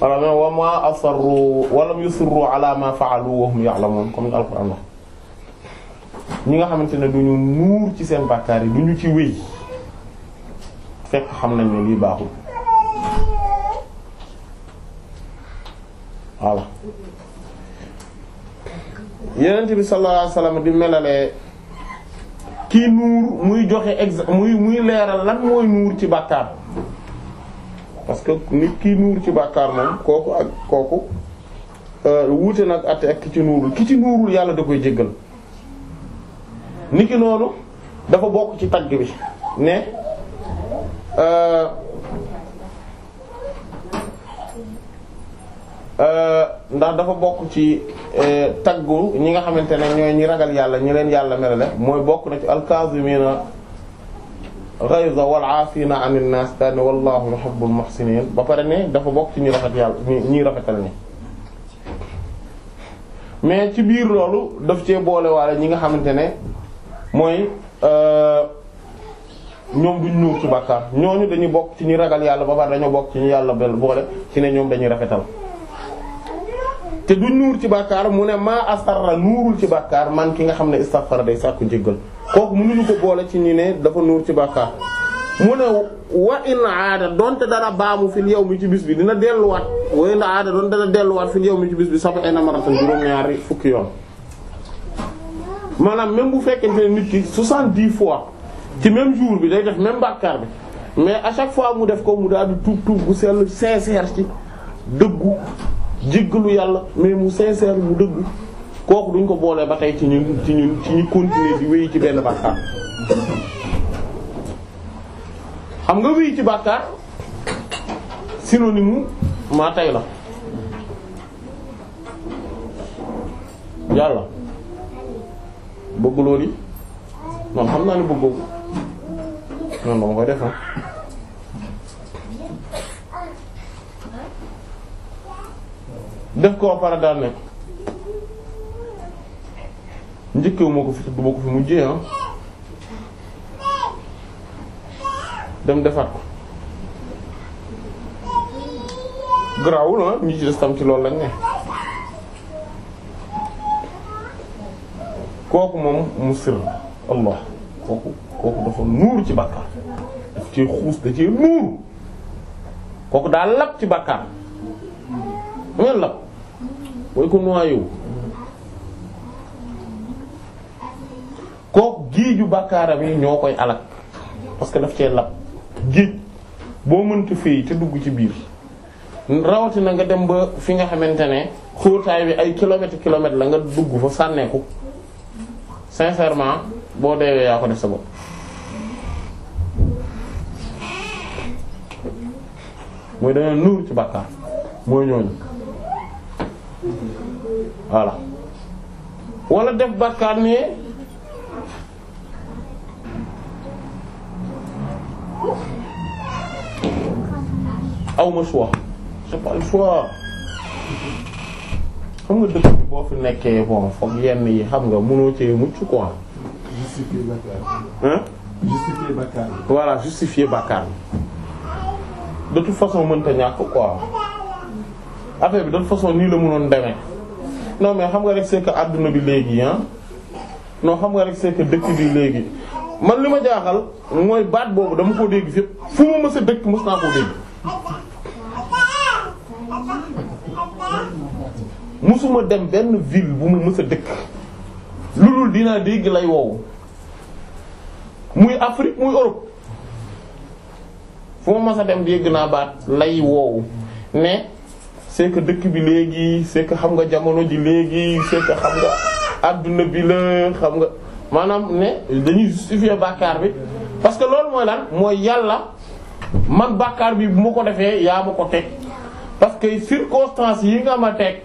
wala wa ma asarru walam yusirru ala ma fa'alu wa hum ya'lamun comme ni alquran wax ñi nga xamante ne duñu nuur ci seen bàkkaar yi ñu ci wéy fekk xam nañ ne lii baaxul voilà yenent bi sallallahu alayhi di melale kii nuur muy joxe exe muy muy leeral lan mooy nuur ci bàkkaar parce que nit ki nuur ci bàkkaar moom kooku ak kooku euh, wuute nag àtte ak ki ci nuurul ki ci nuurul yàlla da koy jéggal niki noonu dafa bokk ci tagg bi ne euh, euh, ndax dafa bokk ci taggu ñi nga xamante ne ñooy ñi ragal yàlla ñi leen yàlla le mooy bokk na ci alkaazimiina ghayza wal aafina anin naas daan ne wallaahu yuhibbul muhsinin ba pare ne dafa bokk ci ñi rafet yàlla ñi rafetal ni mais ci biir loolu daf cee boole waale ñi nga xamante ne mooy euh, ñoom duñ ñuur ci bàkkaar ñooñu dañuy bokk ci ñu ragal yàlla ba pare dañoo bokk ci ñi yàlla bel boole ci ne ñoom dañuy rafetal te du ñuur ci bàkkaar mu ne maa asarra nuurul ci bàkkaar man ki nga xam ne istaghfara day sàkku jéggal kooku mënuñu ko boole ci ñu ne dafa nuur ci bàkkaar mu ne wa in aada donte dana baamu fil yow mi ci bis bi dina delluwaat wa in aada donte dana delluwaat fil yow mi ci bis bi saba ay namaratan juróom-ñaari fukki yoon maanaam même bu fekkee ne nit ki soixante-dix fois ci même jour bi day def même bàkkaar bi mais a chaque fois mu def ko mu daal di tuub tuub bu sell sincère ci dëggu jéggalu yàlla mais mu sincère mu dëggu kooku duñ ko boolee ba tey ci ñun ci ñun ci ñu continuer di wéy ci benn bàkkaar xam nga wéy ci bàkkaar synonyme maa tey la yàlla bëgguloo di man xam naa ne bëggoo noonu dama koy def def ko pare daal njëkkewu ma ko fi du ma ko fi mujjee ah dem defaat ko garaawul ah ñi ci des tam ci lool la ne kooku moom musir allah kooku kooku dafa nuur ci bàkkaar daf ci xuus da ci nuur kooku daa lab ci bàkkaar meen lab booy ko noyyiwu kooku géeju bàkkaaram yi ñoo koy alak parce que daf cee lab géej boo mënta féey te dugg ci biir rawatina nga dem ba fi nga xamante ne xóotaay bi ay kilomètre kilomètre la nga dugg fa sànneeku sincèrement boo deewee yaa ko def sa bopp mooy dañoo nuur ci bàkkaar mooy ñooñu voilà wala def bàkkaar ne aw ma choix xam nga dëkk boo fi nekkee bon foog yenn yi xam nga mënoo cee mucc quoi. justifier bàkkaar. justifier bàkkaar. voilà justifier façon mënta ñàkk quoi affaire bi de toute façon nii la mënoon demee non mais xam nga rek c'est àdduna bi léegi ah xam nga rek c'est dëkk bi léegi. man li ma jaaxal mooy baat boobu dama koo dégg fu ma mës a dëkk mës naa koo dégg mësuma dem benn ville bu ma mës a dëkk lu dul dinaa dégg lay woowu muy Afrique muy Europe fu ma mës a dem dégg naa baat lay woowu mais c'est que dëkk bi léegi c'est que xam nga jamono ji léegi c'est que xam nga adduna bi la xam nga maanaam ne dañuy justifier bàkkaar bi parce que loolu mooy lan mooy yàlla man bàkkaar bi bu ma ko defee yaa ma ko teg parce que circonstances yi nga ma teg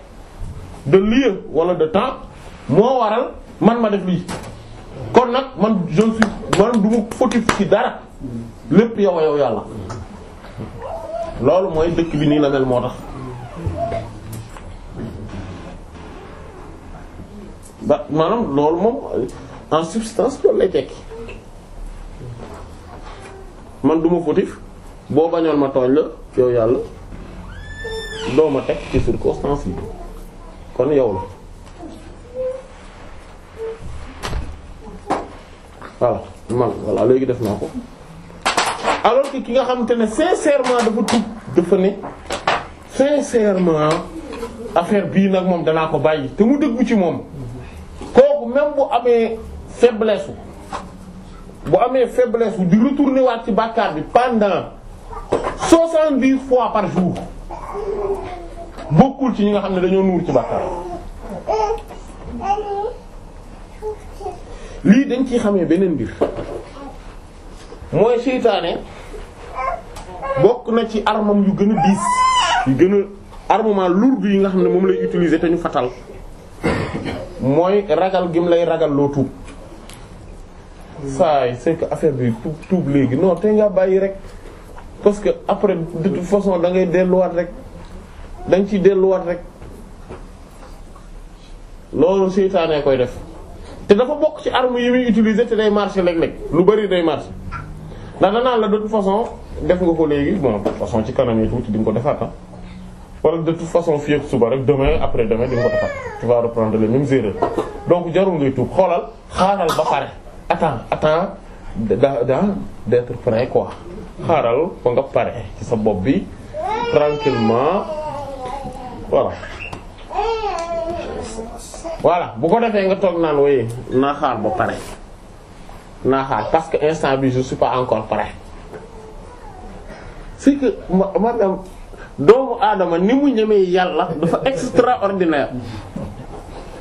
de lieu wala de temps moo waral man ma def lii kon nag man je suis man du ma fautif ci dara lépp yow yow yàlla loolu mooy dëkk bi nii la mel moo tax ba maanaam loolu moom en substance loolu lay tekki man duma ma fautif boo bañoon ma tooñ la yow yàlla doo ma teg ci circonstance yi kon yow la voilà man voilà léegi def naa ko alors ki nga xamante ne sincèrement dafa tuub dafa ne sincèrement affaire bii nag moom danaa ko bàyyi te mu dëggu ci moom kooku même bu amee faiblesse bu amee faiblesse di retourner waat ci bàkkaar bi pendant soixante-dix fois par jour bokkul ci ñi nga xam ne dañoo nuur ci bàkkaar lii dañ ciy xamee beneen mbir mooy seytaane bokk na ci armam yu gën a diis yu gën a armement yi nga xam ne moom lay utiliser te ñu fatal mooy ragal gim lay ragal loo tuub saa yi c'est affaire bi tuub tuub léegi non te nga bàyyi rek parce que après de toute façon da ngay delluwaat rek da nga ciy delluwaat rek loolu seytaane koy def te dafa bokk ci arme yi muy utiliser te day marcher léeg lu bari day marcher ndax danaa la de toute façon def nga ko léegi bon de façon ci kanam yi tuuti di nga ko defaat ah wala de toute façon fii suba rek demain après demain di nga ko defaat tu vas reprendre les mêmes erreurs donc jarul ngay tuub xoolal xaaral attends attends da da d'être prêt quoi xaaral nga pare ci sa bopp bi tranquillement voilà voilà bu ko defee nga toog naan woye naa xaar pare naa xaar parce que instant bi je suis pas encore prêt c'est que ma maanaam doomu aadama ni mu ñemee yàlla dafa extraordinaire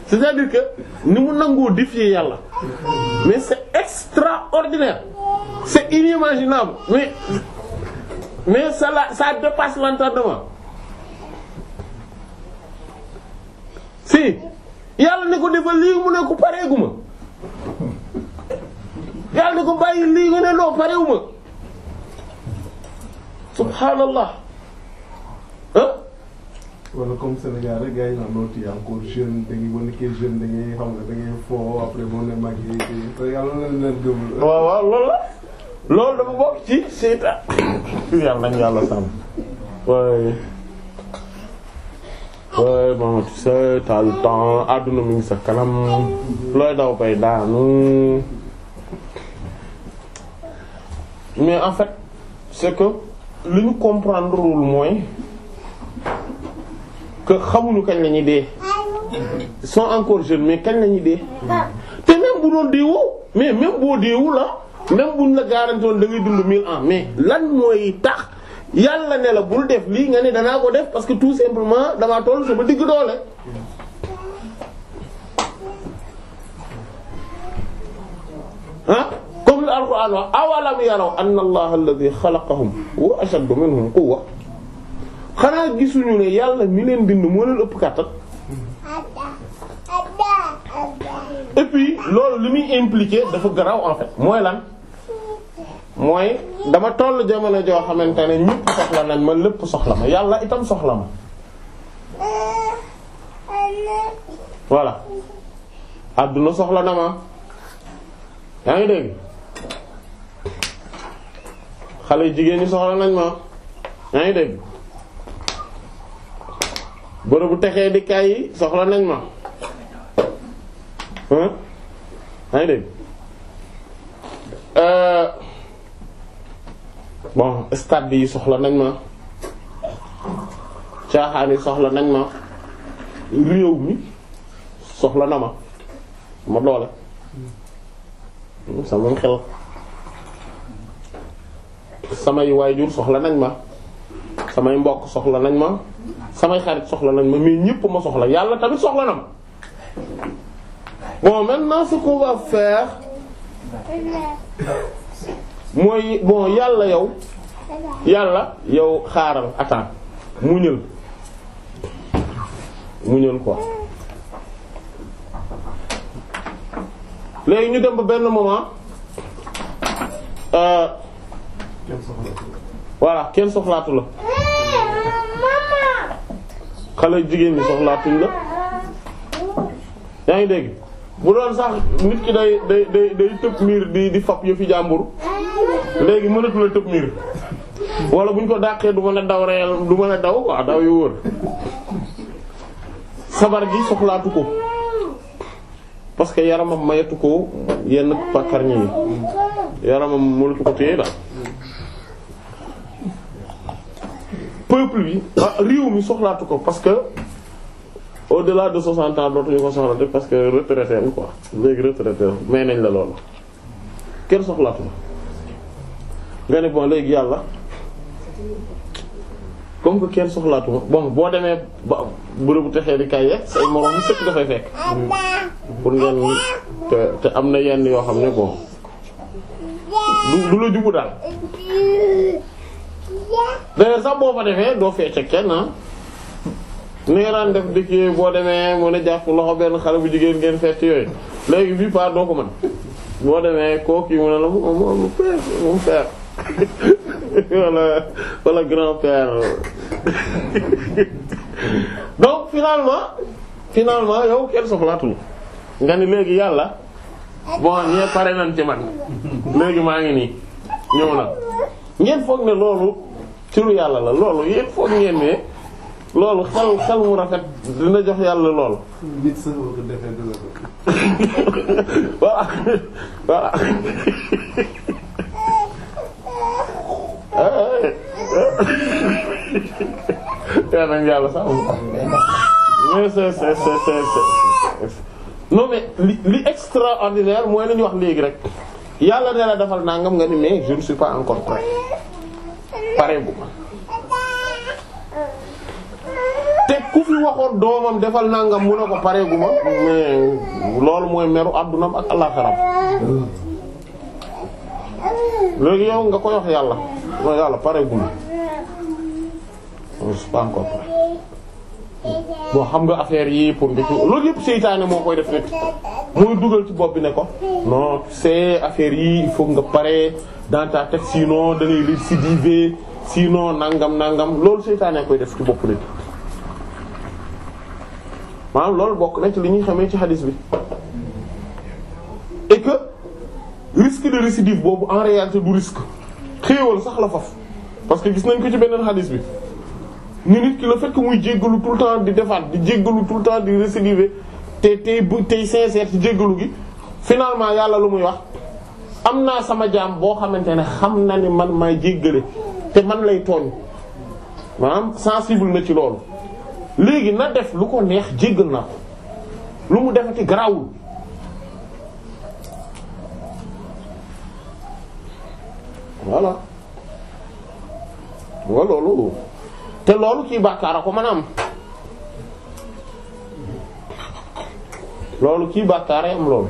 c'est-à-dire que ni mu nangoo défier yàlla mais c'est extraordinaire c'est inimaginable mais mais ça ça dépasse l'entendement si yàlla ne ko defal lii mu ne ko pareegu ma yàlla ne ko bàyyi lii nga ne noo pareewu subhaanallah wala comme Sénégal rek gars yi naan loolu ci encore jeune da ngay boo nekkee jeune da na leen yàlla nañu waaye waaye moom tu sais taal temps àdduna mi ngi sa kanam looy daw bay daanu mais en fait c'est que li ñu comprendre loolu mooy. que xamuñu kañ la ñuy dee sont encore jeunes mais kañ la ñuy dee te même bu doon deewu mais même boo deewu la ah, même buñ la garanti woon da ngay dund mille ans mais lan mooy tax yàlla ne la bul def lii nga ne danaa ko def parce que tout simplement damaa toll sama digg doole. ah comme li Alxuraan wax awalam yaraw anna allaha alladhi xalaqahum wa ashaddu minhum quwwa xanaa gisuñu ne yàlla mi leen bind moo leen ëpp kàttan et puis loolu li muy impliqué dafa garaaw en fait mooy lan mooy dama toll jamono joo xamante ne ñëpp soxla nañ ma lépp soxla ma yàlla itam soxla ma voilà àdduna soxla na ma yaa ngi dégg xale jigéen ñi soxla nañ ma yaa ngi dégg bërëbu texee dikkaay yi soxla nañ ma hein ngi dégg euh, bon stade soxla nañ ma caaxaan soxla nañ ma réew mi soxla na ma ma doole sama xel samay waajur soxla nañ ma samay mbokk soxla nañ ma samay xarit soxla nañ ma mais ñëpp ma soxla yàlla tamit soxla na ma bon maintenant ce qu'on va mooy bon yàlla yow yàlla yow xaaral attends muñal muñal ko léegi ñu dem ba benn moment euh, voilà kenn soxlaatu la xale jigéen ñi soxlaatuñ la yaa ngi dégg bu doon sax nit ki day day day tëb miir di di fab yëfi jàmbur léegi mënatu la tëb miir wala bu ñu ko dàqee du mën a daw reyal du mën a daw waaw daw yu sabar gi soxlaatu ko parce que yaramam mayatu ko yenn pàkkarñi yi yaramam mënatu ko téye daal peuple bi ah, réew mi soxlaatu ko parce que au-delà de 60 ans dootuñu ko soxlaatu parce que retraité bi quoi léegi retraité may nañ la loolu kenn soxlaatu la nga ne bon léegi yàlla comme que kenn soxlaatu ma bon boo demee ba bërëbu te di kay yeeg say moroom sëkk nga fay fekk pour ngeen te te am na yenn yoo xam ne bon du la jubu daal d'ailleurs sax boo fa defee doo fecc kenn ah ni nga def dëkk boo demee mën a jàpp loxo benn xale bu jigéen ngeen fett yooyu léegi bii par doo ko mën boo demee kooku mu ne la moom père moom père wala wala grand père donc finalement finalement yow kenn soxlaatul nga ni léegi yàlla bon ñee pare nañ ci man léegi maa ngi nii ñëw na ngeen foog ne loolu turu yàlla la loolu yéen foog ngeen ne loolu xel xel mu rafet dina jox yàlla loolu. nit sax boo yàlla sax mais li li extraordinaire mooy la wax léegi rek. yàlla ne la defal nangam nga ni mais je ne suis pas encore pare bu ma te ku fi waxoon doomam defal nangam mu ne ko pare gu ma mais loolu mooy meru àddunam ak àllaxiraam léegi yow nga koy wax yàlla mooy yàlla pare gu ma je suis pas encore prêt boo xam nga affaire yi pour nga loolu yëpp seytaane moo koy def nit mooy dugal ci bopp bi ne ko non c'est affaire yi foog nga pare dans ta tête sinon da ngay récidiver sinon nangam nangam loolu seytaanee koy def ci bopp nit maanaam loolu bokk na ci li ñuy xamee ci xalis bi et que risque de récidive boobu en réalité du risque xéewal sax la faf parce que gis nañ ko ci beneen xadis bi ni nit ki la fekk muy jéggalu tout le temps di defaat di jéggalu tout temps di récidiver te tey bu tey sincère ci jéggalu gi finalement yàlla lu muy wax am naa sama jaam boo xamante ne xam na ni man maay jéggale te man lay tooñ maanaam sensible na ci loolu léegi na def lu ko neex jéggal na ko lu mu defati garawul voilà wa loolu te loolu kii bàkkaar ko mën a am loolu kii bàkkaar am loolu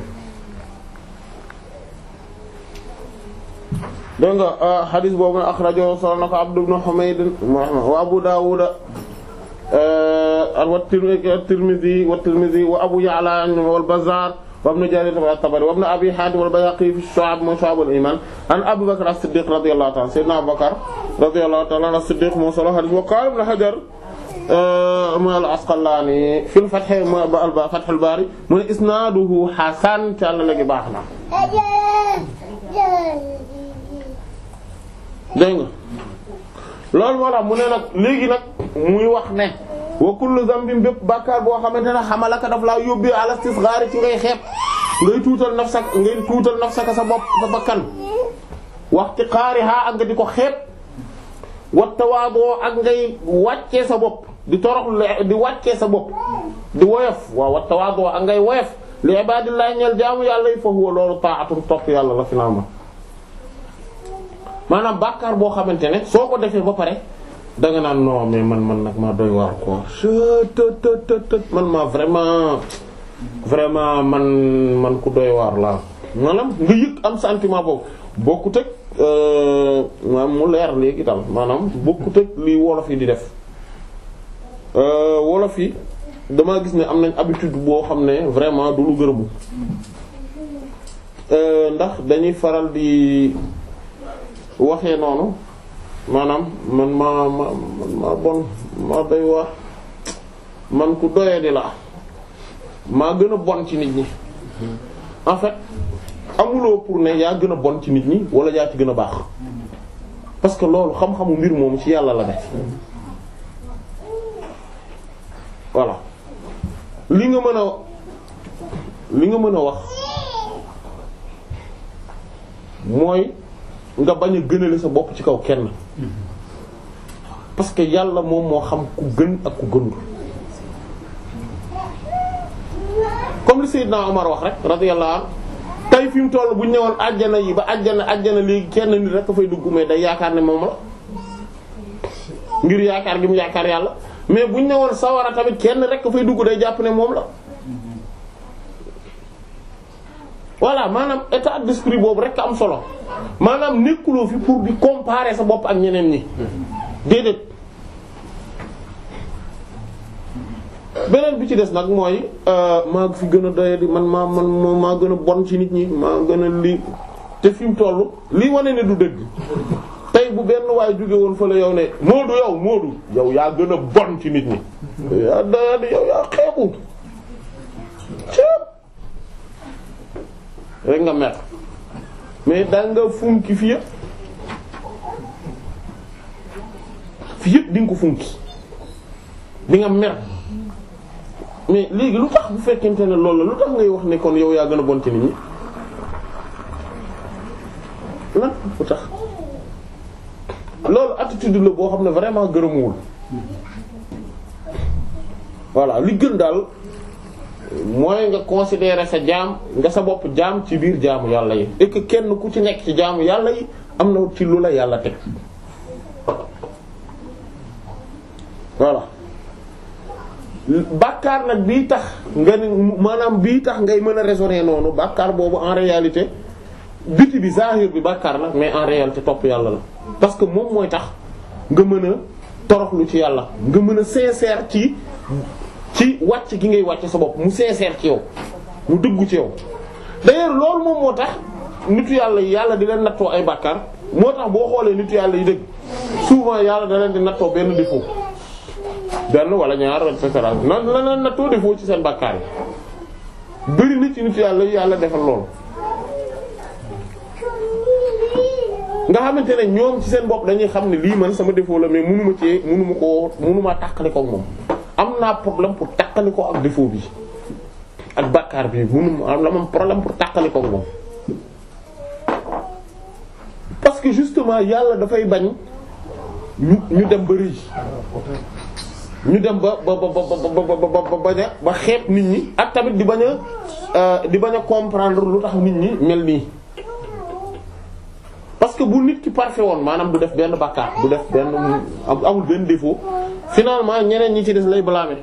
dégg nga euh, boobu na axrajo solo na ko Abdu ibn Humayd wa Abu Dawud euh, wa Tirmidhi wa Tirmidhi wa Abu Ya'la wal Bazzar wa ibn Jarir at-Tabari wa ibn Abi Hatim al-Bayhaqi fi Shu'ab mooy Shu'ab al-Iman an Abu Bakr as-Siddiq radiyallahu ta'ala sayyidina Abu Bakr radiyallahu ta'ala as-Siddiq moo solo hadith wa qala ibn Hajar mu al-Asqalani fil Fath ba Fath al-Bari mu ne isnaaduhu hasan ca la léegi baax na dégg nga loolu moo tax mu ne nag léegi nag muy wax ne wa kullu zambin bépp bàkkaar boo xamante ne xamalaka daf laa yóbbee ala istisgaar ci ngay xeeb ngay tuutal nafsaka ngay tuutal nafsaka sa bopp sa bakkan waxtiqaariha ak nga di ko xeeb wa tawaadoo ak ngay sa bopp di torox di wàccee sa bopp di woyof waaw wa tawaadoo ak ngay woyof li ibadillah ñeel jaamu yàlla yi fa huwa loolu taatun topp yàlla la maanaam bàkkaar boo xamante ne soo ko defee ba pare danga naan non mais man man nag maa doy waar quoi man maa vraiment vraiment man man ku doy waar laa maanaam nga yëg am sentiment boobu bokkut ak euh, maanaam mu leer léegi tam maanaam bokkut ak li wolof yi di def euh, wolof yi damaa gis ne am nañ habitude boo xam ne vraiment du lu gërëmu euh, ndax dañuy faral di waxee noonu. maanaam man maa ma man maa bon maa doy wax man ku doyadi laa maa gën a bon ci nit ñi en fait amuloo pour ne yaa gën a bon ci nit ñi wala yaa ci gën a baax parce que loolu xam-xamu mbir moomu ci yàlla la ne voilà li nga mën a li nga mën a wax mooy nga bañ a gënale sa bopp ci kaw kenn parce que yàlla moom moo xam ku gën ak ku gënul comme li Seydina Omar wax rek radiyallahu anhu tey fi mu toll bu ñu ñëwoon àjjana yi ba àjjana àjjana léegi kenn nit rek fay dugg mais day yaakaar ne moom la ngir yaakaar gi mu yaakaar yàlla mais bu ñu ñëwoon sawara tamit kenn rek fay dugg day jàpp ne moom la. voilà maanaam état d'esprit boobu rek am solo maanaam nekkuloo fi pour di comparer sa bopp ak ñeneen ñi. déedéet beneen bi ci des nag mooy euh, maa fi gën a doye di man maa man maa gën a bon ci nit ñi maa gën a lii te fi mu toll lii wane ne du dëgg tey bu benn waay jóge woon fële yow ne Moodu yow Moodu yow yaa gën a bon ci nit ñi yaa doye di yaa xeebu ceeb rek nga mer mais da funki fi yëpp di ko funki di nga mer mais léegi lu tax bu fekkente ne loolu la lu tax ngay wax nekkoon kon yow yaa gën a bon ci nit ñi lan lu tax loolu attitude la boo xam ne vraiment gërëmuwul voilà li gën daal mooy nga considérer sa jaam nga sa bopp jaam ci biir jaamu yàlla yi et kenn ku ci nekk ci jaamu yàlla yi am na ci lu la yàlla teg voilà bàkkaar nag bii tax nga ni maanaam bii tax ngay mën a raisonner noonu bàkkaar boobu en réalité biti bi zahir bi bàkkaar nag mais en réalité topp yàlla la parce que moom mooy tax nga mën a toroxlu ci yàlla nga mën a sincère ci ci wàcc gi ngay wàcc sa bopp mu sincère ci yow mu dëggu ci yow d'ailleurs loolu moom moo tax nitu yàlla yàlla di leen nattoo ay bàkkaar moo tax boo xoolee nitu yàlla yi dëgg souvent yàlla da leen di nattoo benn défaut benn wala ñaar et cetera na la leen nattoo defoo ci seen bàkkaar yi bëri na ci nit yàlla yàlla defal loolu. nga xamante ne ñoom ci seen bopp dañuy xam ne lii man sama défaut la mais mënuma ci mënuma koo mënuma tàqali ko ak moom am naa problème pour tàqali ko ak défaut bi ak bàkkaar bi mënuma am la moom problème pour tàqali ko moom justement yàlla dafay bañ ñu ñu dem ba rëy ñu dem ba ba ba ba ba ba xeeb nit ñi ak tamit di bañ a euh, di bañ a comprendre lu tax nit ñi mel nii parce que bu nit ki parfait woon maanaam du def benn bàkkaar du def benn amul benn défaut finalement ñeneen ñi ci des lay blâmer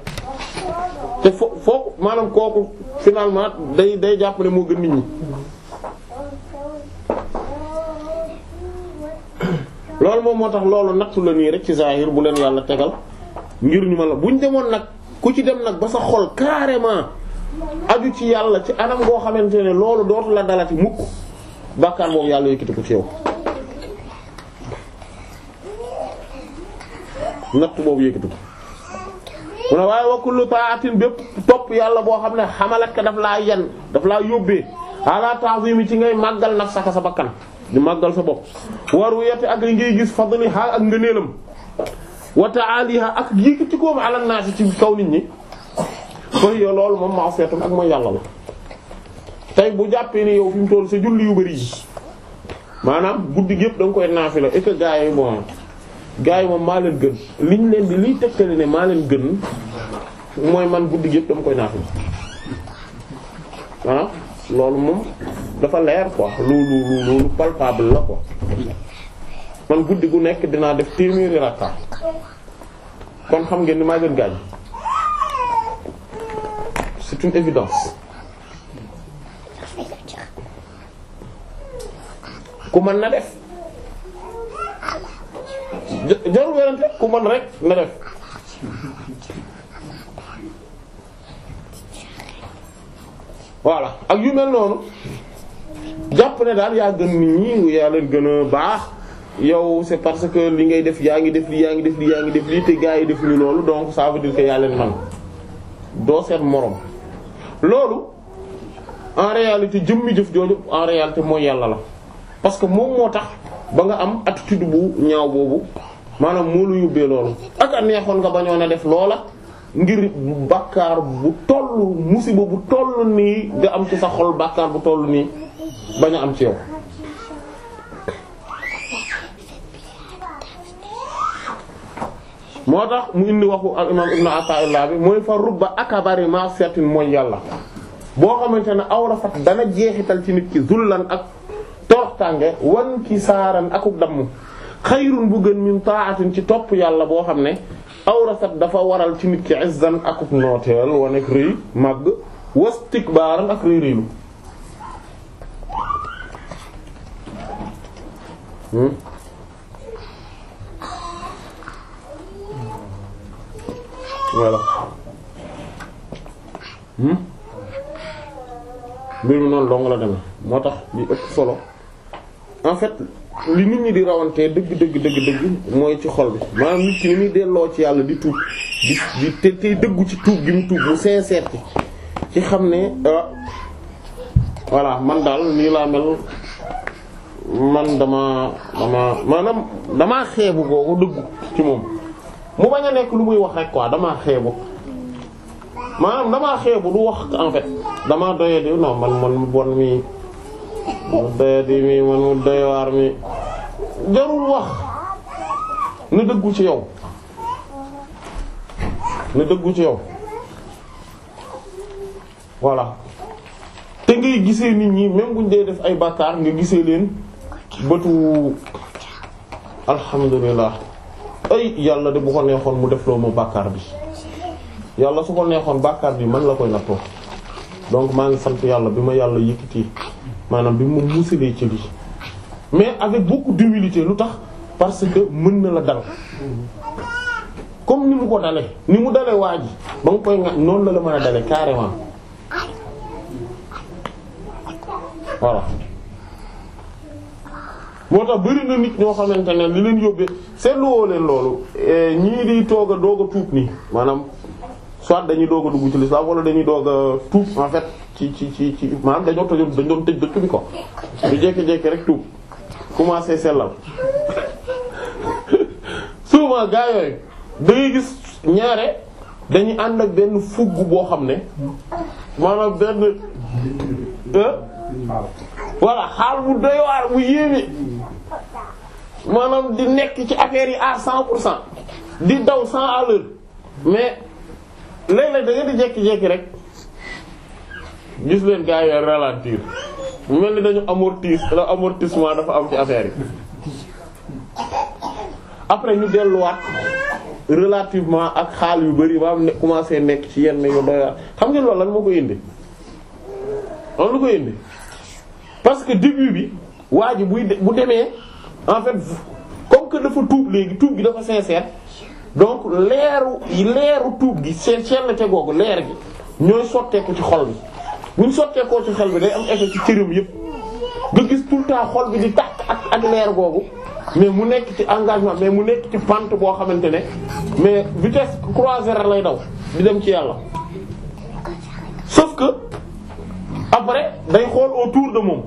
te fo foo maanaam kooku finalement day day jàpp ne moo gën nit ñi. loolu moom moo tax loolu nattu la nii rek ci zahir bu leen yàlla tegal. ngir ma la buñ demoon nag ku ci dem nag ba sa xol carrément aju ci yàlla ci anam goo xamante ne loolu dootu la dalati mukk bàkkaar boobu yàlla yëkkati ko ci yow natt boobu yëkkati ko mu waaye wa kullu ta'atin bépp topp yàlla boo xam ne xamalat ka daf laa yan daf laa yóbbee ala ta'zimi ci ngay màggal nafsaka sa bakkan di màggal sa bopp waru yete ak ngay gis fadliha ak ngëneelam wa ta'aliha ak yëkkati koom alal naa ci kaw nit ñi fooy yow loolu moom maa feetul ak mooy yàlla la tey bu jàppee ni yow fi mu toll sa julli yu bari yi maanaam guddi gi yëpp da koy naafila la que gars gars yi moom maa leen gën liñ leen di liy tegtali ne maa leen gën mooy man guddi gi yëpp dama koy naafila maanaam loolu moom dafa leer quoi loolu loolu palpable la ko man guddi gu nekk dinaa def téeméeri rakka kon xam ngeen ni maa gën gaañ c'est une évidence ku mën na def jarul werante ku mën rek na def voilà ak yu mel noonu jàpp ne daal yaa gën nit yaa leen gën a baax yow c'est parce que li ngay def yaa ngi def li yaa ngi def li yaa def lii te gaa yi def ñu loolu donc ça veut dire que yaa leen doo seet moroom loolu en réalité jëmm jëf jooju en réalité mooy yàlla la parce que moom moo tax ba nga am attitude bu ñaaw boobu maanaam moo lu yóbbee loolu ak a neexoon nga bañoon a def loola ngir bàkkaar bu toll musiba bu toll nii nga am ci sa xol bàkkaar bu toll nii bañ a am ci yow moo tax mu indi waxu al imam ibnu Ataa'illah bi mooy fa rubba akabari ma'siyatin mooy yàlla boo xamante ne aw rafat dana jeexital ci nit ki zullan ak toroxtànge wan ki saaran akuk damm xayrun bu gën min ta'atin ci topp yàlla boo xam ne aw dafa waral ci nit ki izzan akuk nooteel wanek rëy màgg wastikbaaran ak rëy rëylu hmm? voilà hmm? mbir mi noonu dong la demee moo tax li ëpp solo en fait li nit ñi di rawantee dëgg dëgg dëgg dëgg mooy ci xol bi maanaam nit ki ni muy delloo ci yàlla di tuub di te tey dëggu ci tuub gi mu tuub mu sincère ci ci xam ne ah, voilà man daal nii laa mel man dama dama maanaam dama xeebu googu dëggu ci moom mu bañ a nekk lu muy wax rek quoi damaa xeebu maanaam damaa xeebu du wax en damaa doyadi non man man mu bon mi mu doyadi mi man mu doywaar mi jarul wax na dëggu ci yow na dëggu ci yow voilà te ngay gisee nit ñi même buñ dee def ay bàkkaar nga gisee leen bëtu alhamdulilah ay yàlla de bu ko neexoon mu def loo ma bàkkaar bi yàlla su ko neexoon bàkkaar bi man la koy nattoo donc maa ngi sant yàlla bi ma yàlla yëkkati maanaam bi ma musalee ci lii mais avec beaucoup d'humilité lu tax parce que mën na la dal comme ni mu ko dale ni mu dale waa ji ba nga koy noonu la la mën a dale carrément voilà moo tax bëri na nit ñoo xamante ne li leen yóbbee seetlu woo leen loolu eh, ñii di toog a doog a tuub nii maanaam soit dañuy doog a dugg ci lislaam wala dañuy doog a tuub en fait ci ci ci ci maanaam dañoo tëjoon dañ doon tëj dëkk bi ko ñu jékki-jékki rek tuub commencé sellal souvent gaa yooyu da ngay gis ñaare dañuy ànd ak benn fugg boo xam ne maanaam benn. voilà xaal bu doy waar bu yéeme maanaam di nekk ci affaire yi à cent pour cent di daw cent à l'heure mais léeg-léeg da nga di jékki-jékki rek gis leen gars yi ralentir mel ni dañu amortir la amortissement dafa am ci affaire yi après ñu delluwaat relativement ak xaal yu bari ba am ne commencé nekk ci yenn yu doy xam ngeen loolu lan moo ko indi lan lu koy indi. parce que début bi waa ji buy bu demee en fait comme que dafa tuub léegi tuub bi dafa sincère donc leeru leeru tuub gi seen sellte googu leer gi ñooy sotteeku ci xol bi buñ sotteekoo ci xel bi day am effet ci cëram yëpp nga gis tout le temps xol bi di tàkk ak ak leer googu mais mu nekk ci engagement mais mu nekk ci pente boo xamante ne mais vitesse croisière lay daw di dem ci yàlla sauf que après day xool autour de moom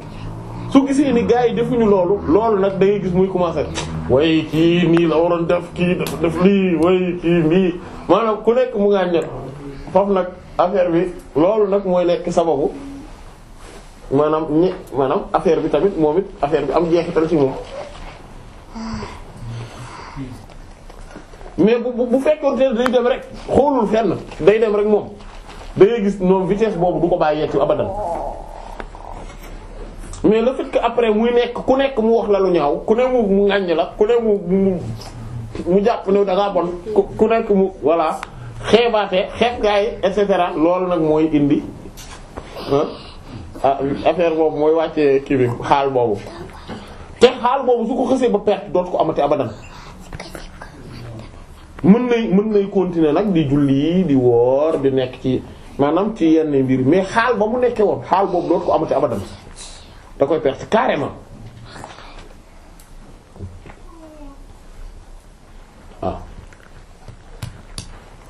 su gisee ni gars yi defuñu loolu loolu nag da gis muy commencer way kii nii la waroon def kii def def lii way kii nii maanaam ku nekk mu ngaa ñett foofu nag affaire bi loolu nag mooy nekk sababu maanaam ñi maanaam affaire bi tamit moom it affaire bi am jeexital ci moom mais bu bu fekkoon te day dem rek xoolul fenn day dem rek moom da gis noonu vitesse boobu du ko bàyyi yegg abadan mais le fait que après muy nekk ku nekk mu wax la lu ñaaw ku ne mu ŋàññ la ku ne mu jàpp ne da ngaa bon ku nekk mu voilà xeebaate xeet gaa et cetera loolu nag mooy indi ah affaire boobu mooy wàcce kii bi xaal boobu te xaal boobu su ko xësee ba perte dootu ko amati abadan mën nay mën nay continuer nag di julli di woor di nekk ci. maanaam ci yenn mbir mais xaal ba mu nekkee woon xaal boobu dootu ko amati abadan da koy perte carrément waaw ah.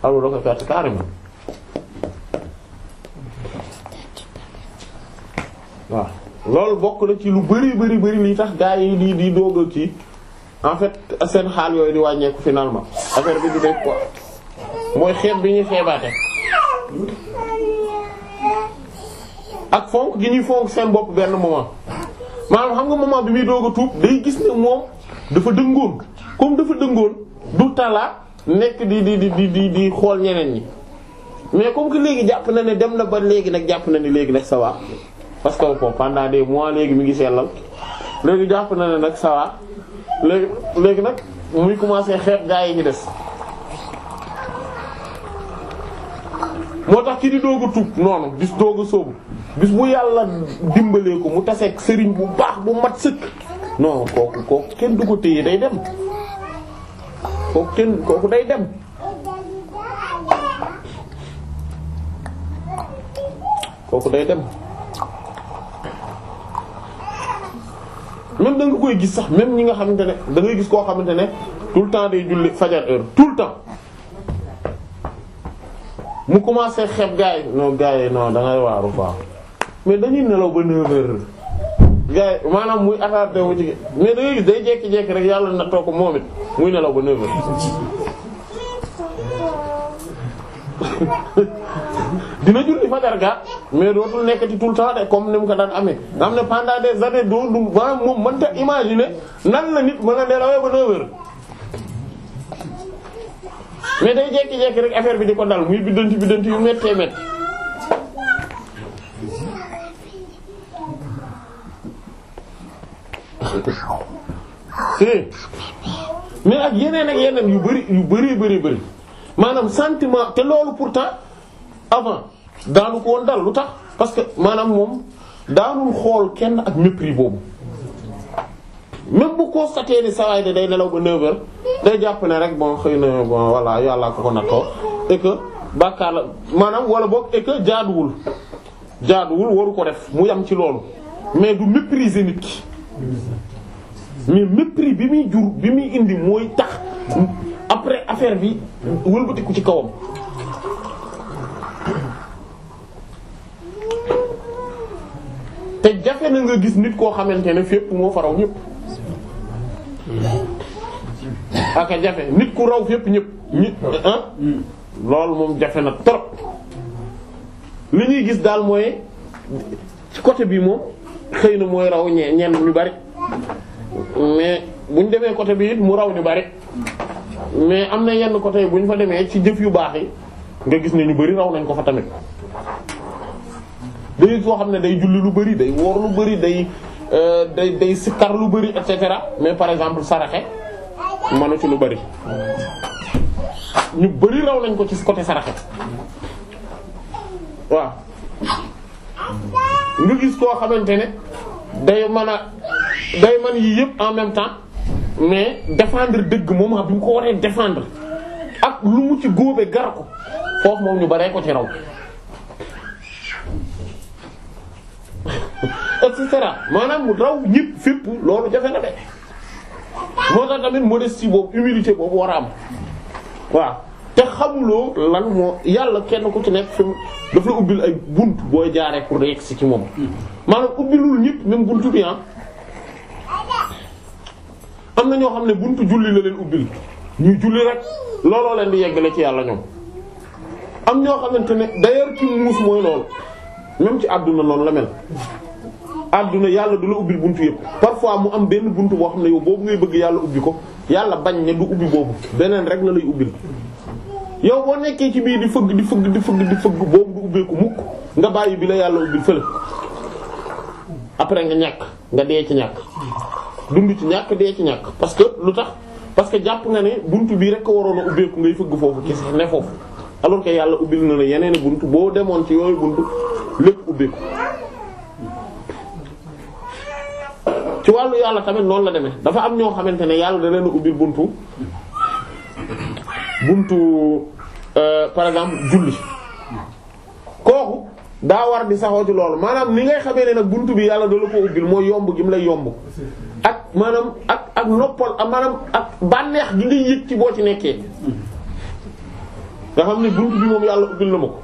xaal boobu da koy perte carrément waaw loolu bokk na ci lu bari bari bëri li tax gaa yi di di doog ci en fait seen xaal yooyu di wàññeeku finalement affaire bi di nekk mooy xeeb bi ñuy xeebaate ak fonk gi ñuy fonk seen bopp benn moment maanaam xam nga moment bi muy doog a tuub day gis ne moom dafa dëngoon comme dafa dëngoon du talaa nekk di di di di di xool ñeneen ñi mais comme que léegi jàpp na ne dem na ba léegi nag jàpp na ne léegi nag ça va parce que bon pendant mois léegi mu ngi sellal léegi jàpp na ne nag ça léegi léegi nag muy commencer xeet gaa yi ñu des. moo tax ci di doog a tuub noonu bis doog a bis mu yàlla dimbalee ko mu taseeg sëriñ bu baax bu mat sëkk non kooku kooku kenn du ko téye day dem kooku kenn kooku day dem kooku day dem même da koy gis sax même ñi nga xamante ne da ngay gis koo xamante ne tout le temps day julli fajar heure tout le temps mu commencé xeeb gars yi non noo yi non da ngay waaru quoi mais dañuy maanaam muy attardé wu ci mais da ngay rek yàlla na toog ko moom it muy nelaw ba dina julli ga mais dootul nekkati tout le temps de comme ni mu ko daan amee. nga xam ne pendant la nit mën a nelawee ba 9 mais day jékki-jékki rek affaire bi di ko dal muy biddanti biddanti yu méttee métti. si mais ak yeneen ak yeneen yu bari yu bari bari bari maanaam sentiment te loolu pourtant avant daanu ko woon dal lu tax parce que maanaam moom daanul xool kenn ak mépris boobu. même bu constaté ni sawaay de day nelaw ba 9h day jàpp ne rek bon xëy na bon voilà yàllaa ko ko nattoo et que bàkkaar maanaam wala boog et que jaaduwul jaaduwul waru ko def mu yam ci loolu mais du mépriser nit ki mais mépris bi muy jur bi muy indi mooy tax après affaire bi wëlbatiku ci kawam. te jafe na nga gis nit koo xamante ne fépp moo faraw ñépp. aka jafe nit ku raw fépp ñëpp nit ah? loolu moom jafe na trop li ñuy gis daal mooy ci côté bi moom xëy na mooy raw ñe ñenn ñu bari mais bu ñu demee côté bi mu raw ñu bari mais am na yenn côté yi bu ñu fa demee ci jëf yu baax yi nga gis ne ñu bari raw nañ ko fa tamit day soo xam ne day julli lu bari day woor lu bari day Euh, day day sikkar lu bari et cetera mais par exemple saraxe manu ci lu bari ñu bari raw lañ ko ci côté saraxe waaw ñu gis koo xamante ne day mën a day mën yii yëpp en même temps mais défendre dëgg moment bi mu ko waree défendre ak lu mu ci góobee gar ko foofu moom ñu baree ko ci raw et cetera maanaam mu raw ñëpp fépp loolu jafe na de moo tax tamit modestie boobu humilité boobu war a am waaw te xamuloo lan moo yàlla kenn ku ci nekk fi daf la ubbil ay bunt booy jaaree pour yegg si ci moom maanaam ubbilul ñëpp même buntu bi ah am na ñoo xam ne buntu julli la leen ubbil ñuy julli rek looloo leen di yeggale ci yàlla ñoom am ñoo xamante ne d'ailleurs ci muus mooy loolu même ci àdduna noonu la mel àdduna yàlla du la ubbil buntu yëpp parfois mu am benn bunt boo xam ne yow boobu ngay bëgg yàlla ubbi ko yàlla bañ ne du ubbi boobu beneen rek la lay ubbil yow boo nekkee ci bii di fëgg di fëgg di fëgg di fëgg boobu du ko mukk nga bàyyi bi la yàlla ubbil fële après nga ñàkk nga dee ci ñàkk dund ci ñàkk dee ci ñàkk parce que lu tax parce que jàpp nga ne buntu bii rek a waroon a ubbeeku ngay fëgg foofu kese ne foofu alors ko yàlla ubbil na la yeneen buntu boo demoon ci yooyu buntu lépp ubbi ko ci wàllu yàlla tamit noonu la demee dafa am ñoo xamante ne yàlla da leen ubbil buntu buntu euh, par exemple julli kooku daa war di saxoo ci loolu maanaam ni ngay xamee ne nag bi yàlla da la ko ubbil mooy yomb gi mu lay yomb ak maanaam ak ak noppal maanaam ak bànneex gi ngay yëg ci boo ci nekkee nga xam ne buntu bi moom yàlla ubbil na ma ko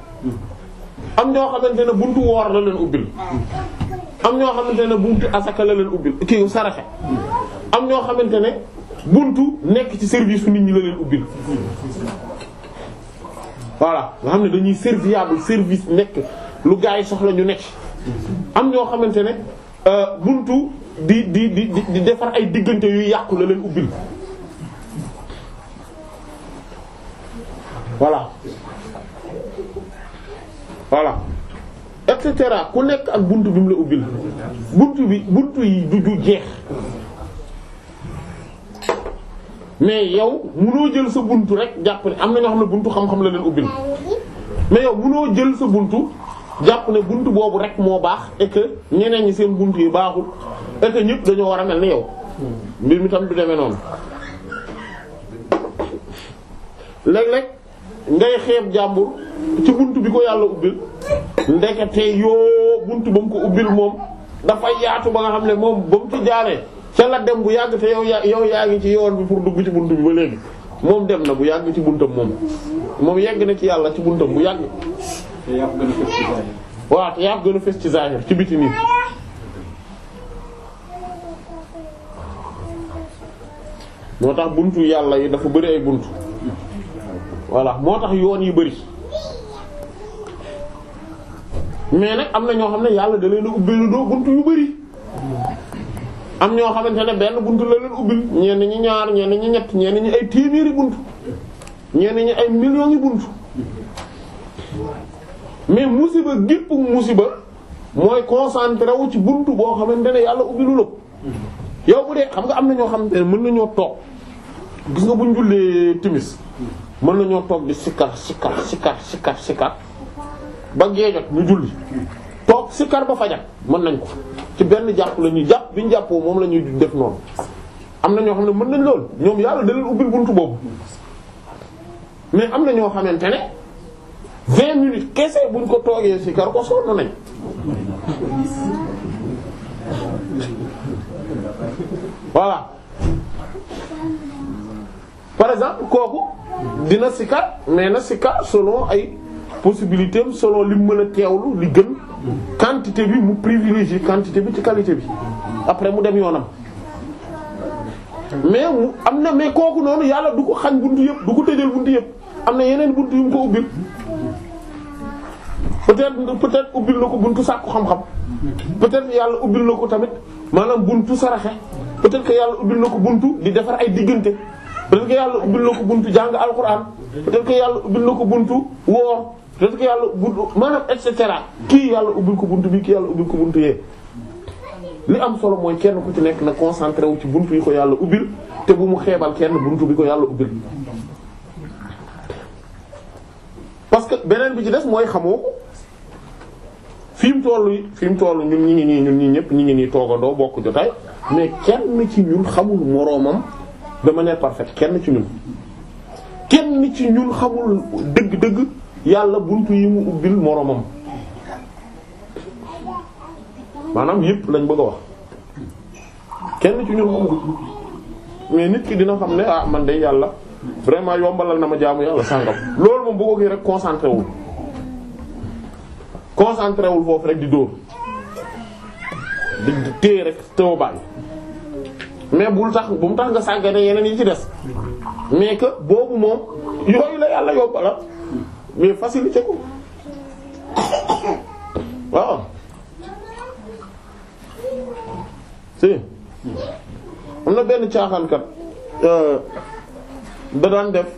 am ñoo xamante ne buntu woor la leen ubbil am ñoo xamante ne buntu asaka la leen ubbil kii saraxe am ñoo xamante ne buntu nekk ci service su nit ñi la leen ubbil voilà nga xam ne dañuy serviable service nekk lu gaa yi soxla ñu nekk am ñoo xamante ne euh, buntu di di di di defar ay diggante yu yàqu la leen ubbil voilà voilà et cetera ku nekk ak bunt bi mu la ubbil bunt bi bunt yi du du jeex mais yow munoo jël sa bunt rek jàpp ne am na ñoo xam ne buntu xam-xam la leen ubbil mais yow munoo jël sa bunt jàpp ne bunt boobu rek moo baax et que ñeneen ñi seen bunt yi baaxul et que ñëpp dañoo war a mel ni yow mbir mi tam du demee noonu léeg-léeg ngay xeeb jàmbur ci bunt bi ko yàlla ubbil ndekete yoo bunt ba mu ko ubbil moom dafa yaatu ba nga xam ne moom ba mu ci jaaree ca la dem bu yàgg te yow yaa yow yaa ngi ci yoon bi pour dugg ci bunt bi ba léegi moom dem na bu yàgg ci buntam moom moom yegg na ci yàlla ci buntam bu yàgg. te ci zahir. te yaa gën a ci zahir ci biti moo tax buntu yàlla yi dafa bari ay buntu. voilà moo tax yoon yi bëri mais nag am na ñoo xam ne yàlla da leen a ubbil doo bunt yu bëri am ñoo xamante ne benn bunt la leen ubbil ñenn ñi ñaar ñenn ñi ñett ñenn ñi ay téeméeri bunt ñenn ñi ay millions yi bunt mais musiba gépp musiba mooy concentré ci bunt boo xamante ne yàlla ubbilu lépp yow bu dee xam nga am na ñoo xamante ne mën nañoo toog gis nga buñ jullee timis mën nañoo toog di sikkar sikkar sikkar sikkar sikkar ba gee jot ñu julli toog sikkar ba fajar mën nañ ko ci benn jàpp lañuy jàpp bi ñu jàppoo moom la ñuy def noonu am na ñoo xam ne mën nañ lool ñoom yàlla da leen bunt boobu mais am na ñoo xamante ne vingt minutes kese buñ ko toogee sikkar ko sonn nañ voilà par exemple kooku dina sikar mais na sikar solo ay possibilité solo li mu mën a teewlu li gën quantité bi mu privilégier quantité bi ci qualité bi après mu dem yoonam mais mu am na mais kooku noonu yàlla du ko xañ buntu yëpp du ko tëjal buntu yëpp am na yeneen buntu yu mu ko ubbil peut-être peut-être ubbil na ko buntu sàkku xam-xam peut-être yàlla ubbil na ko tamit maanaam buntu saraxe peut-être que yàlla ubbil na ko buntu di defar ay diggante peut-être que yàlla ubbil na ko buntu jàng alxuraan peut-être que yàlla ubbil na ko buntu woor peut-être yàlla buntu maanaam et cetera kii yàlla ubbil ko buntu bi yàlla ubbil ko buntu yee li am solo mooy kenn ku ci nekk na concentré wu ci buntu yi ko yàlla ubbil te bu mu xeebal kenn buntu bi ko yàlla ubbil parce beneen bi ci des mooy xamoo ko fi mu toll fi mu toll ñun ñi ngi nii ñun ñi ñëpp ñi ngi nii toogandoo bokk jotaay mais kenn ci ñun xamul moroomam de manière parfaite kenn ci ñun kenn ci ñun xamul dëgg-dëgg yàlla buntu yi mu ubbil moroomam maanaam yépp lañ bëgg a wax kenn ci ñun xamul mais nit ki dina xam ne ah man de yàlla vraiment yombalal na ma jaamu yàlla sàngam loolu moom bu ko kii rek concentré wul concentré wul foofu rek di dóor di téye rek tëw bàyyi mais bul tax bu mu tax nga sàggane yeneen yi ci des mais que boobu moom yooyu la yàlla yóbbala mais facilité ko waaw si am na benn caaxaankat euh, da daan def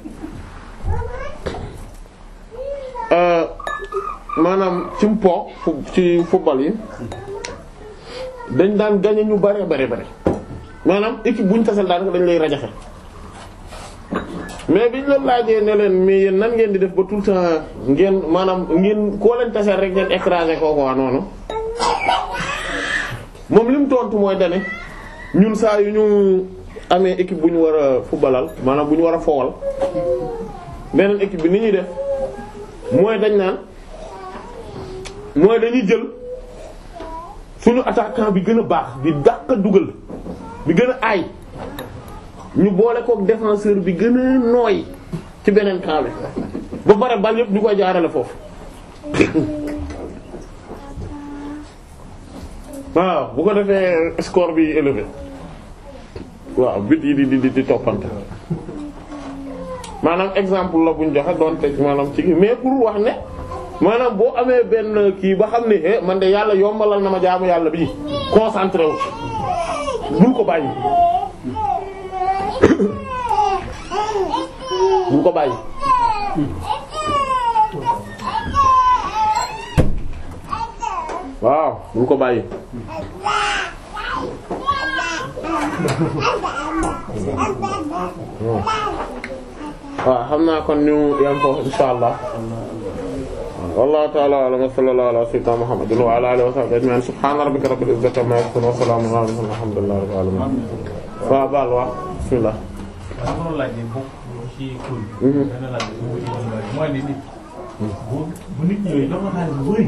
euh, maanaam ci mpo ci yi dañ daan gañe ñu bare bare bare maanaam équipe bu ñu tasal daanaka dañ lay rajaxe mais biñ la laajee ne leen mais yéen nan ngeen di def ba tout le temps ngeen maanaam ngeen koo leen tasal rek ngeen écrasé kooku waa noonu moom li mu tontu mooy dane ñun saa yu ñu amee équipe bu ñu war a fubalal maanaam bu ñu war a fowal beneen équipe bi ni ñuy def mooy dañ naan mooy dañuy jël suñu attaquant bi gën a baax bi dàq dugal. bi gën a aay ñu boole kook défenseur bi gën a nooy ci beneen camp ba pare bal yëpp ñu koy jaarale foofu waaw bu ko defee score bi élevé waaw bit yi di di di toppante maanaam exemple la bu ñu joxe doon teg maanaam ci mais pour wax ne maanaam boo amee benn kii ba xam ne eh, man de yàlla yombalal na ma jaamu yàlla bii concentré bul ko bàyyi bul ko bàyyi waaw bul ko bàyyi waaw xam naa kon ñu yam insha allah wallahu ta'ala a'lam wa sallallahu ala sayyidina Muhammadin wa ala alihi wa sahbihi ajma'in subhana rabbika rabbil izzati amma yasifun wa salamun ala mursalin walhamdulillahi rabbil alamin waaw baal waaw bismillah bu nit ñëwee jox la xaalis bu bari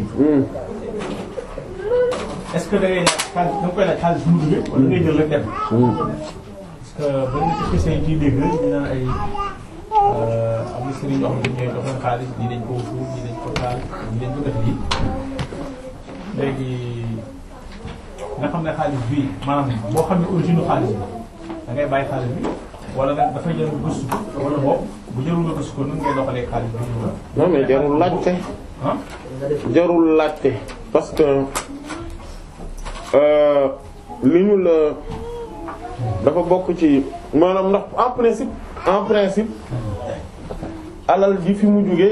est-ce que da ngay xaalis da nga koy laaj xaalis bu mu duggee wala ngay jël rek dem parce que ba nga ci xisee ciy dégg ñu naan ay am na sëriñ yoo xam ne xaalis ñii dañ koo fuur ko taal ñii dañ ko def xam ne xaalis boo xam ne origine xaalis bi da ngay bàyyi xaalis bi wala nag dafay jarul gëstu wala bu jarul nga gëstu ko nu ngay doxalee xaalis bi ñu non jarul laajte. jarul laajte parce que euh, li ñu la dafa bokk ci maanaam ndax en principe. en principe alal ji fi mu jóge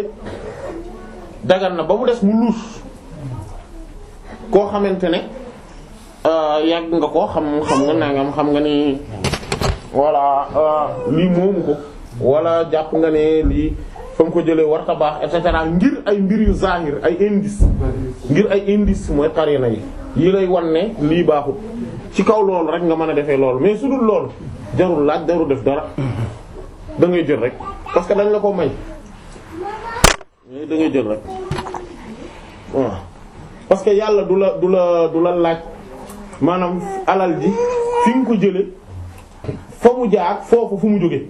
dagan na ba mu des mu luus koo xamante ne euh, yàgg nga koo xam xam nga nangam xam nga ni voilà euh, lii moomu ko wala jàpp nga ne lii fa mu ko jëlee warta baax et cetera ngir ay mbir yu zahir ay indice ngir ay indice mooy qarina yi yii lay wan ne lii baaxut ci kaw loolu rek nga mën a defee lool mais su dul loolu jarul laaj jarul def dara da jël rek parce que dañ la ko may dangay jël rek waaw parce que yàlla du la du la du la laaj maanaam alal ji fi nga ko jële fa mu jaar foofu fu mu jógee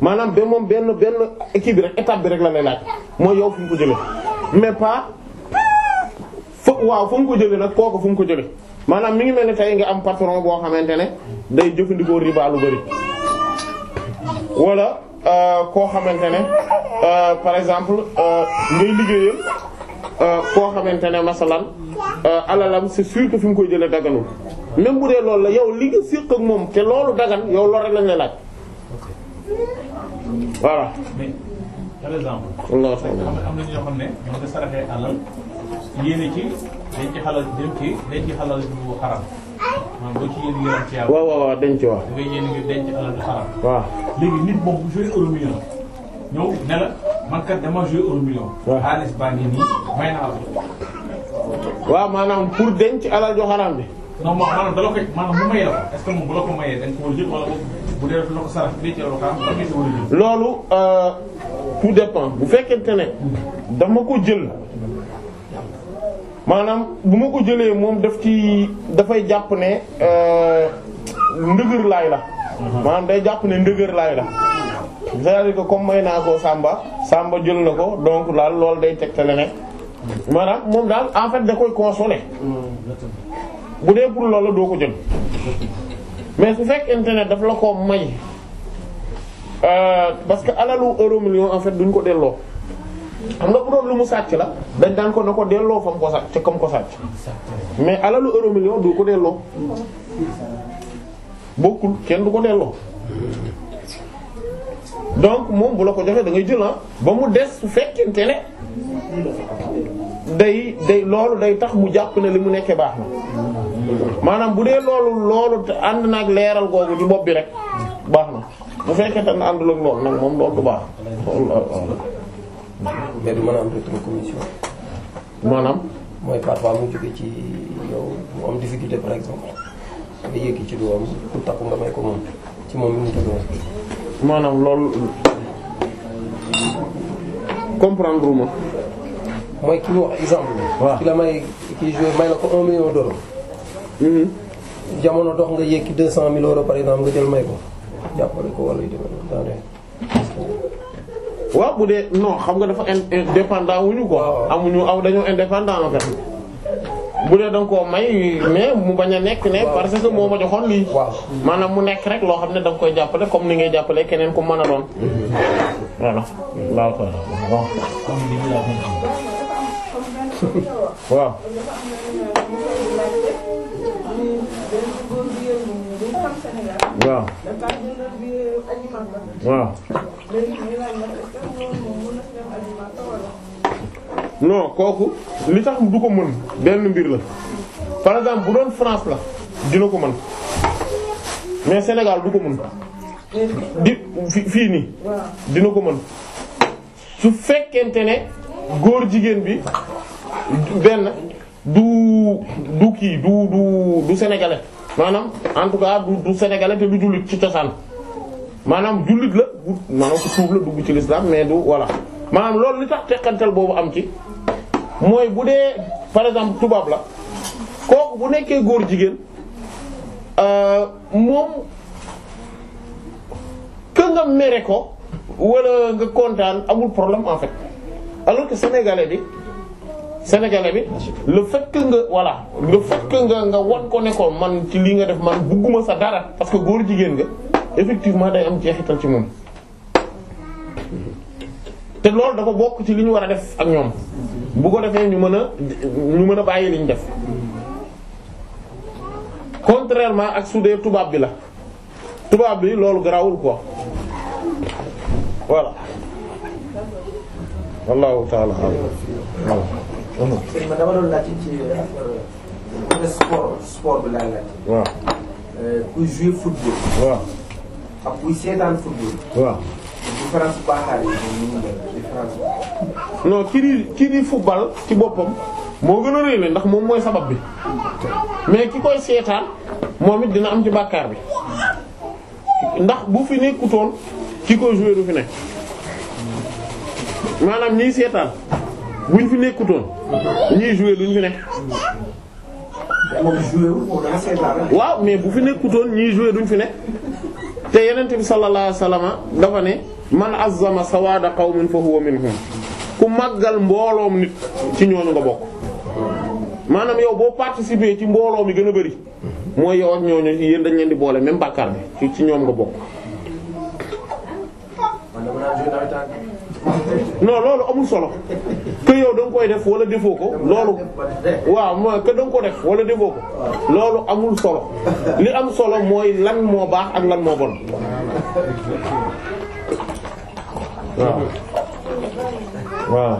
maanaam ba moom benn benn équipe bi rek étape bi rek la lay laaj mooy yow fu nga ko jële mais pas fa waaw fu nga ko jële nag kooku fu mu ko jële maanaam mu ngi mel ni tey nga am patron boo xamante ne day jëfandikoo riba lu bari wala euh, koo xamante ne euh, par exemple euh, ngay liggéeyal koo xamante ne masalan alalam c'est sûr que fi mu koy jëlee daganul même bu dee loolu la yow li nga séq ak moom te loolu dagan yow loolu rek lañ lay laaj voilà. mais waaw waaw waaw denc waaw. waaw. léegi nit moom bu joué pour denc alal joo xaraam bi. non maanaam da mu mayee bu loolu euh, tout dépend bu fekkente ne dama ko jël. maanaam bu ma ko jëlee moom def ci dafay jàpp ne euh, ndëgër laay la maanaam day jàpp ne ndëgër laay la c'est-à-dire que comme may naa ko sàmba Samba jël na ko donc daal lool day tegtale ne maanaam moom daal en fait da koy consoler bu dee pour loolu doo ko jël mais su fekk internet daf la ko may euh, parce que alalu euro million en fait duñ ko delloo xam nga bu doon lu mu sàcc la dañ daan ko ne ko delloo fam ko sàcc comme ko sàcc mais alalu euro million du ko delloo bokkul kenn du ko delloo donc moom bu la ko joxee da ngay jël ah, ba mu des su fekkente ne day day loolu day tax mu jàpp ne li mu nekkee baax na maanaam bu dee loolu loolu ànd naag leeral googu ci bopp bi rek baax na fekkee fekkente ne àndul ak loolu nag moom loolu du baax. mais du mën a am rétrocommission. maanaam. mooy parfois mu jóge ci yow mu am difficulté par exemple nga yëg ci doom ku takku nga may ko moom ci moom mi mu tëdd woon. maanaam loolu comprendre ma. mooy ki mu wax exemple. waaw ki la may kii joué may la ko un million d'euros. Mhm. jamono dox nga yékki deux cent mille euros par exemple nga jël may ko jàppale ko wala yu demee noonu waaw bu dee non xam nga dafa wu wuñu ko ah, amuñu aw dañu indépendant en fait bu dee danga koo may mais mu bañ a nekk ne parce que moo ma joxoon lii maanaam mu nekk rek loo xam ne danga koy jàppale comme ni ngay jàppale keneen ku mën a doon voilà ko waaw waaw non kooku li tax du ko mën benn mbir la par exemple bu doon France la dina ko mën mais Sénégal du ko mën di fii nii dina ko mën su fekkente ne góor jigéen bi benn du du kii du du du sénégalais maanaam en tout cas du du sénégalais te du jullit ci cosaan maanaam jullit la maanaam ku tuub la dugg ci l'islam mais du voilà maanaam loolu li tax teqantal boobu am ci mooy bu dee par exemple tubaab la ko bu nekkee góor jigéen euh, moom que nga mere ko walla nga kontaan amul problème en fait alors que sénégalais bi sénégalais bi le fait que nga voilà le fait que nga nga wan ko ne ko man ci lii nga def man bugguma sa dara parce que góor jigéen nga effectivement day am jeexital ci moom. te loolu dafa bokk ci li ñu war a def ak ñoom bu ko defee ñu mën a ñu mën a bàyyi li def contrairement ak su dee tubaab bi la tubaab bi loolu garaawul ko voilà. wallahu taala alam. ma waaw. Euh, kuy jouer football. waaw. différence baaxaale yi kii di kii di football ci boppam moo gën a rëy la ndax moom mooy sabab bi mais ki koy seetaan moom it dina am ci bàkkaar bi ndax bu fi nekkutoon ki koy jouer fi nekk maanaam ñiy seetaan buñ fi nekkutoon ñiy jouer duñ fi nekk. waaw mais bu fi nekkutoon ñiy duñ fi nekk te yeneen bi sallallahu alayhi wasallam dafa ne. man azzama sawaada qawmin fa huwa minhum ku màggal mbooloom nit ci ñooñu nga bokk maanaam yow boo participer ci mbooloo mi gën a bari mooy yow ak ñooñu yéen dañ leen di boole même bàkkaar bi ci ñoom nga bokk. non loolu amul solo que yow da koy def wala defoo ko loolu. waaw mooy que da ko def wala defoo ko loolu amul solo li am solo mooy lan moo baax ak lan moo bon. waaw waaw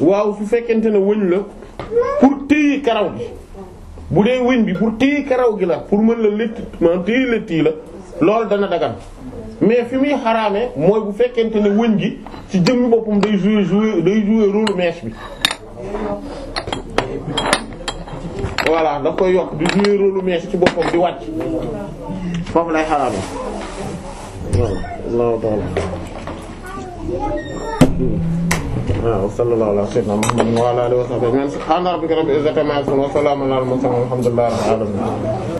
waaw su fekkente ne wëñ la pour téye karaw gi bu dee wëñ bi pour téye karaw gi la pour mën la létt maanaam téye létt yi la lool dana dagan mais fi muy xaraamee mooy bu fekkente ne wëñ gi ci jëmmi boppam day jouer jouer day jouer rôle mèche bi voilà daf koy yokk di jouer rôle mèche ci boppam di wàcc foofu lay xaraamee waaw waaw sallallahu alayhi wa sallam Muhammad wa ala alihi wa sahbihi subhana rabbika rabbil izzati amma yasifun wa salamun ala al mursalin walhamdulillahi rabbil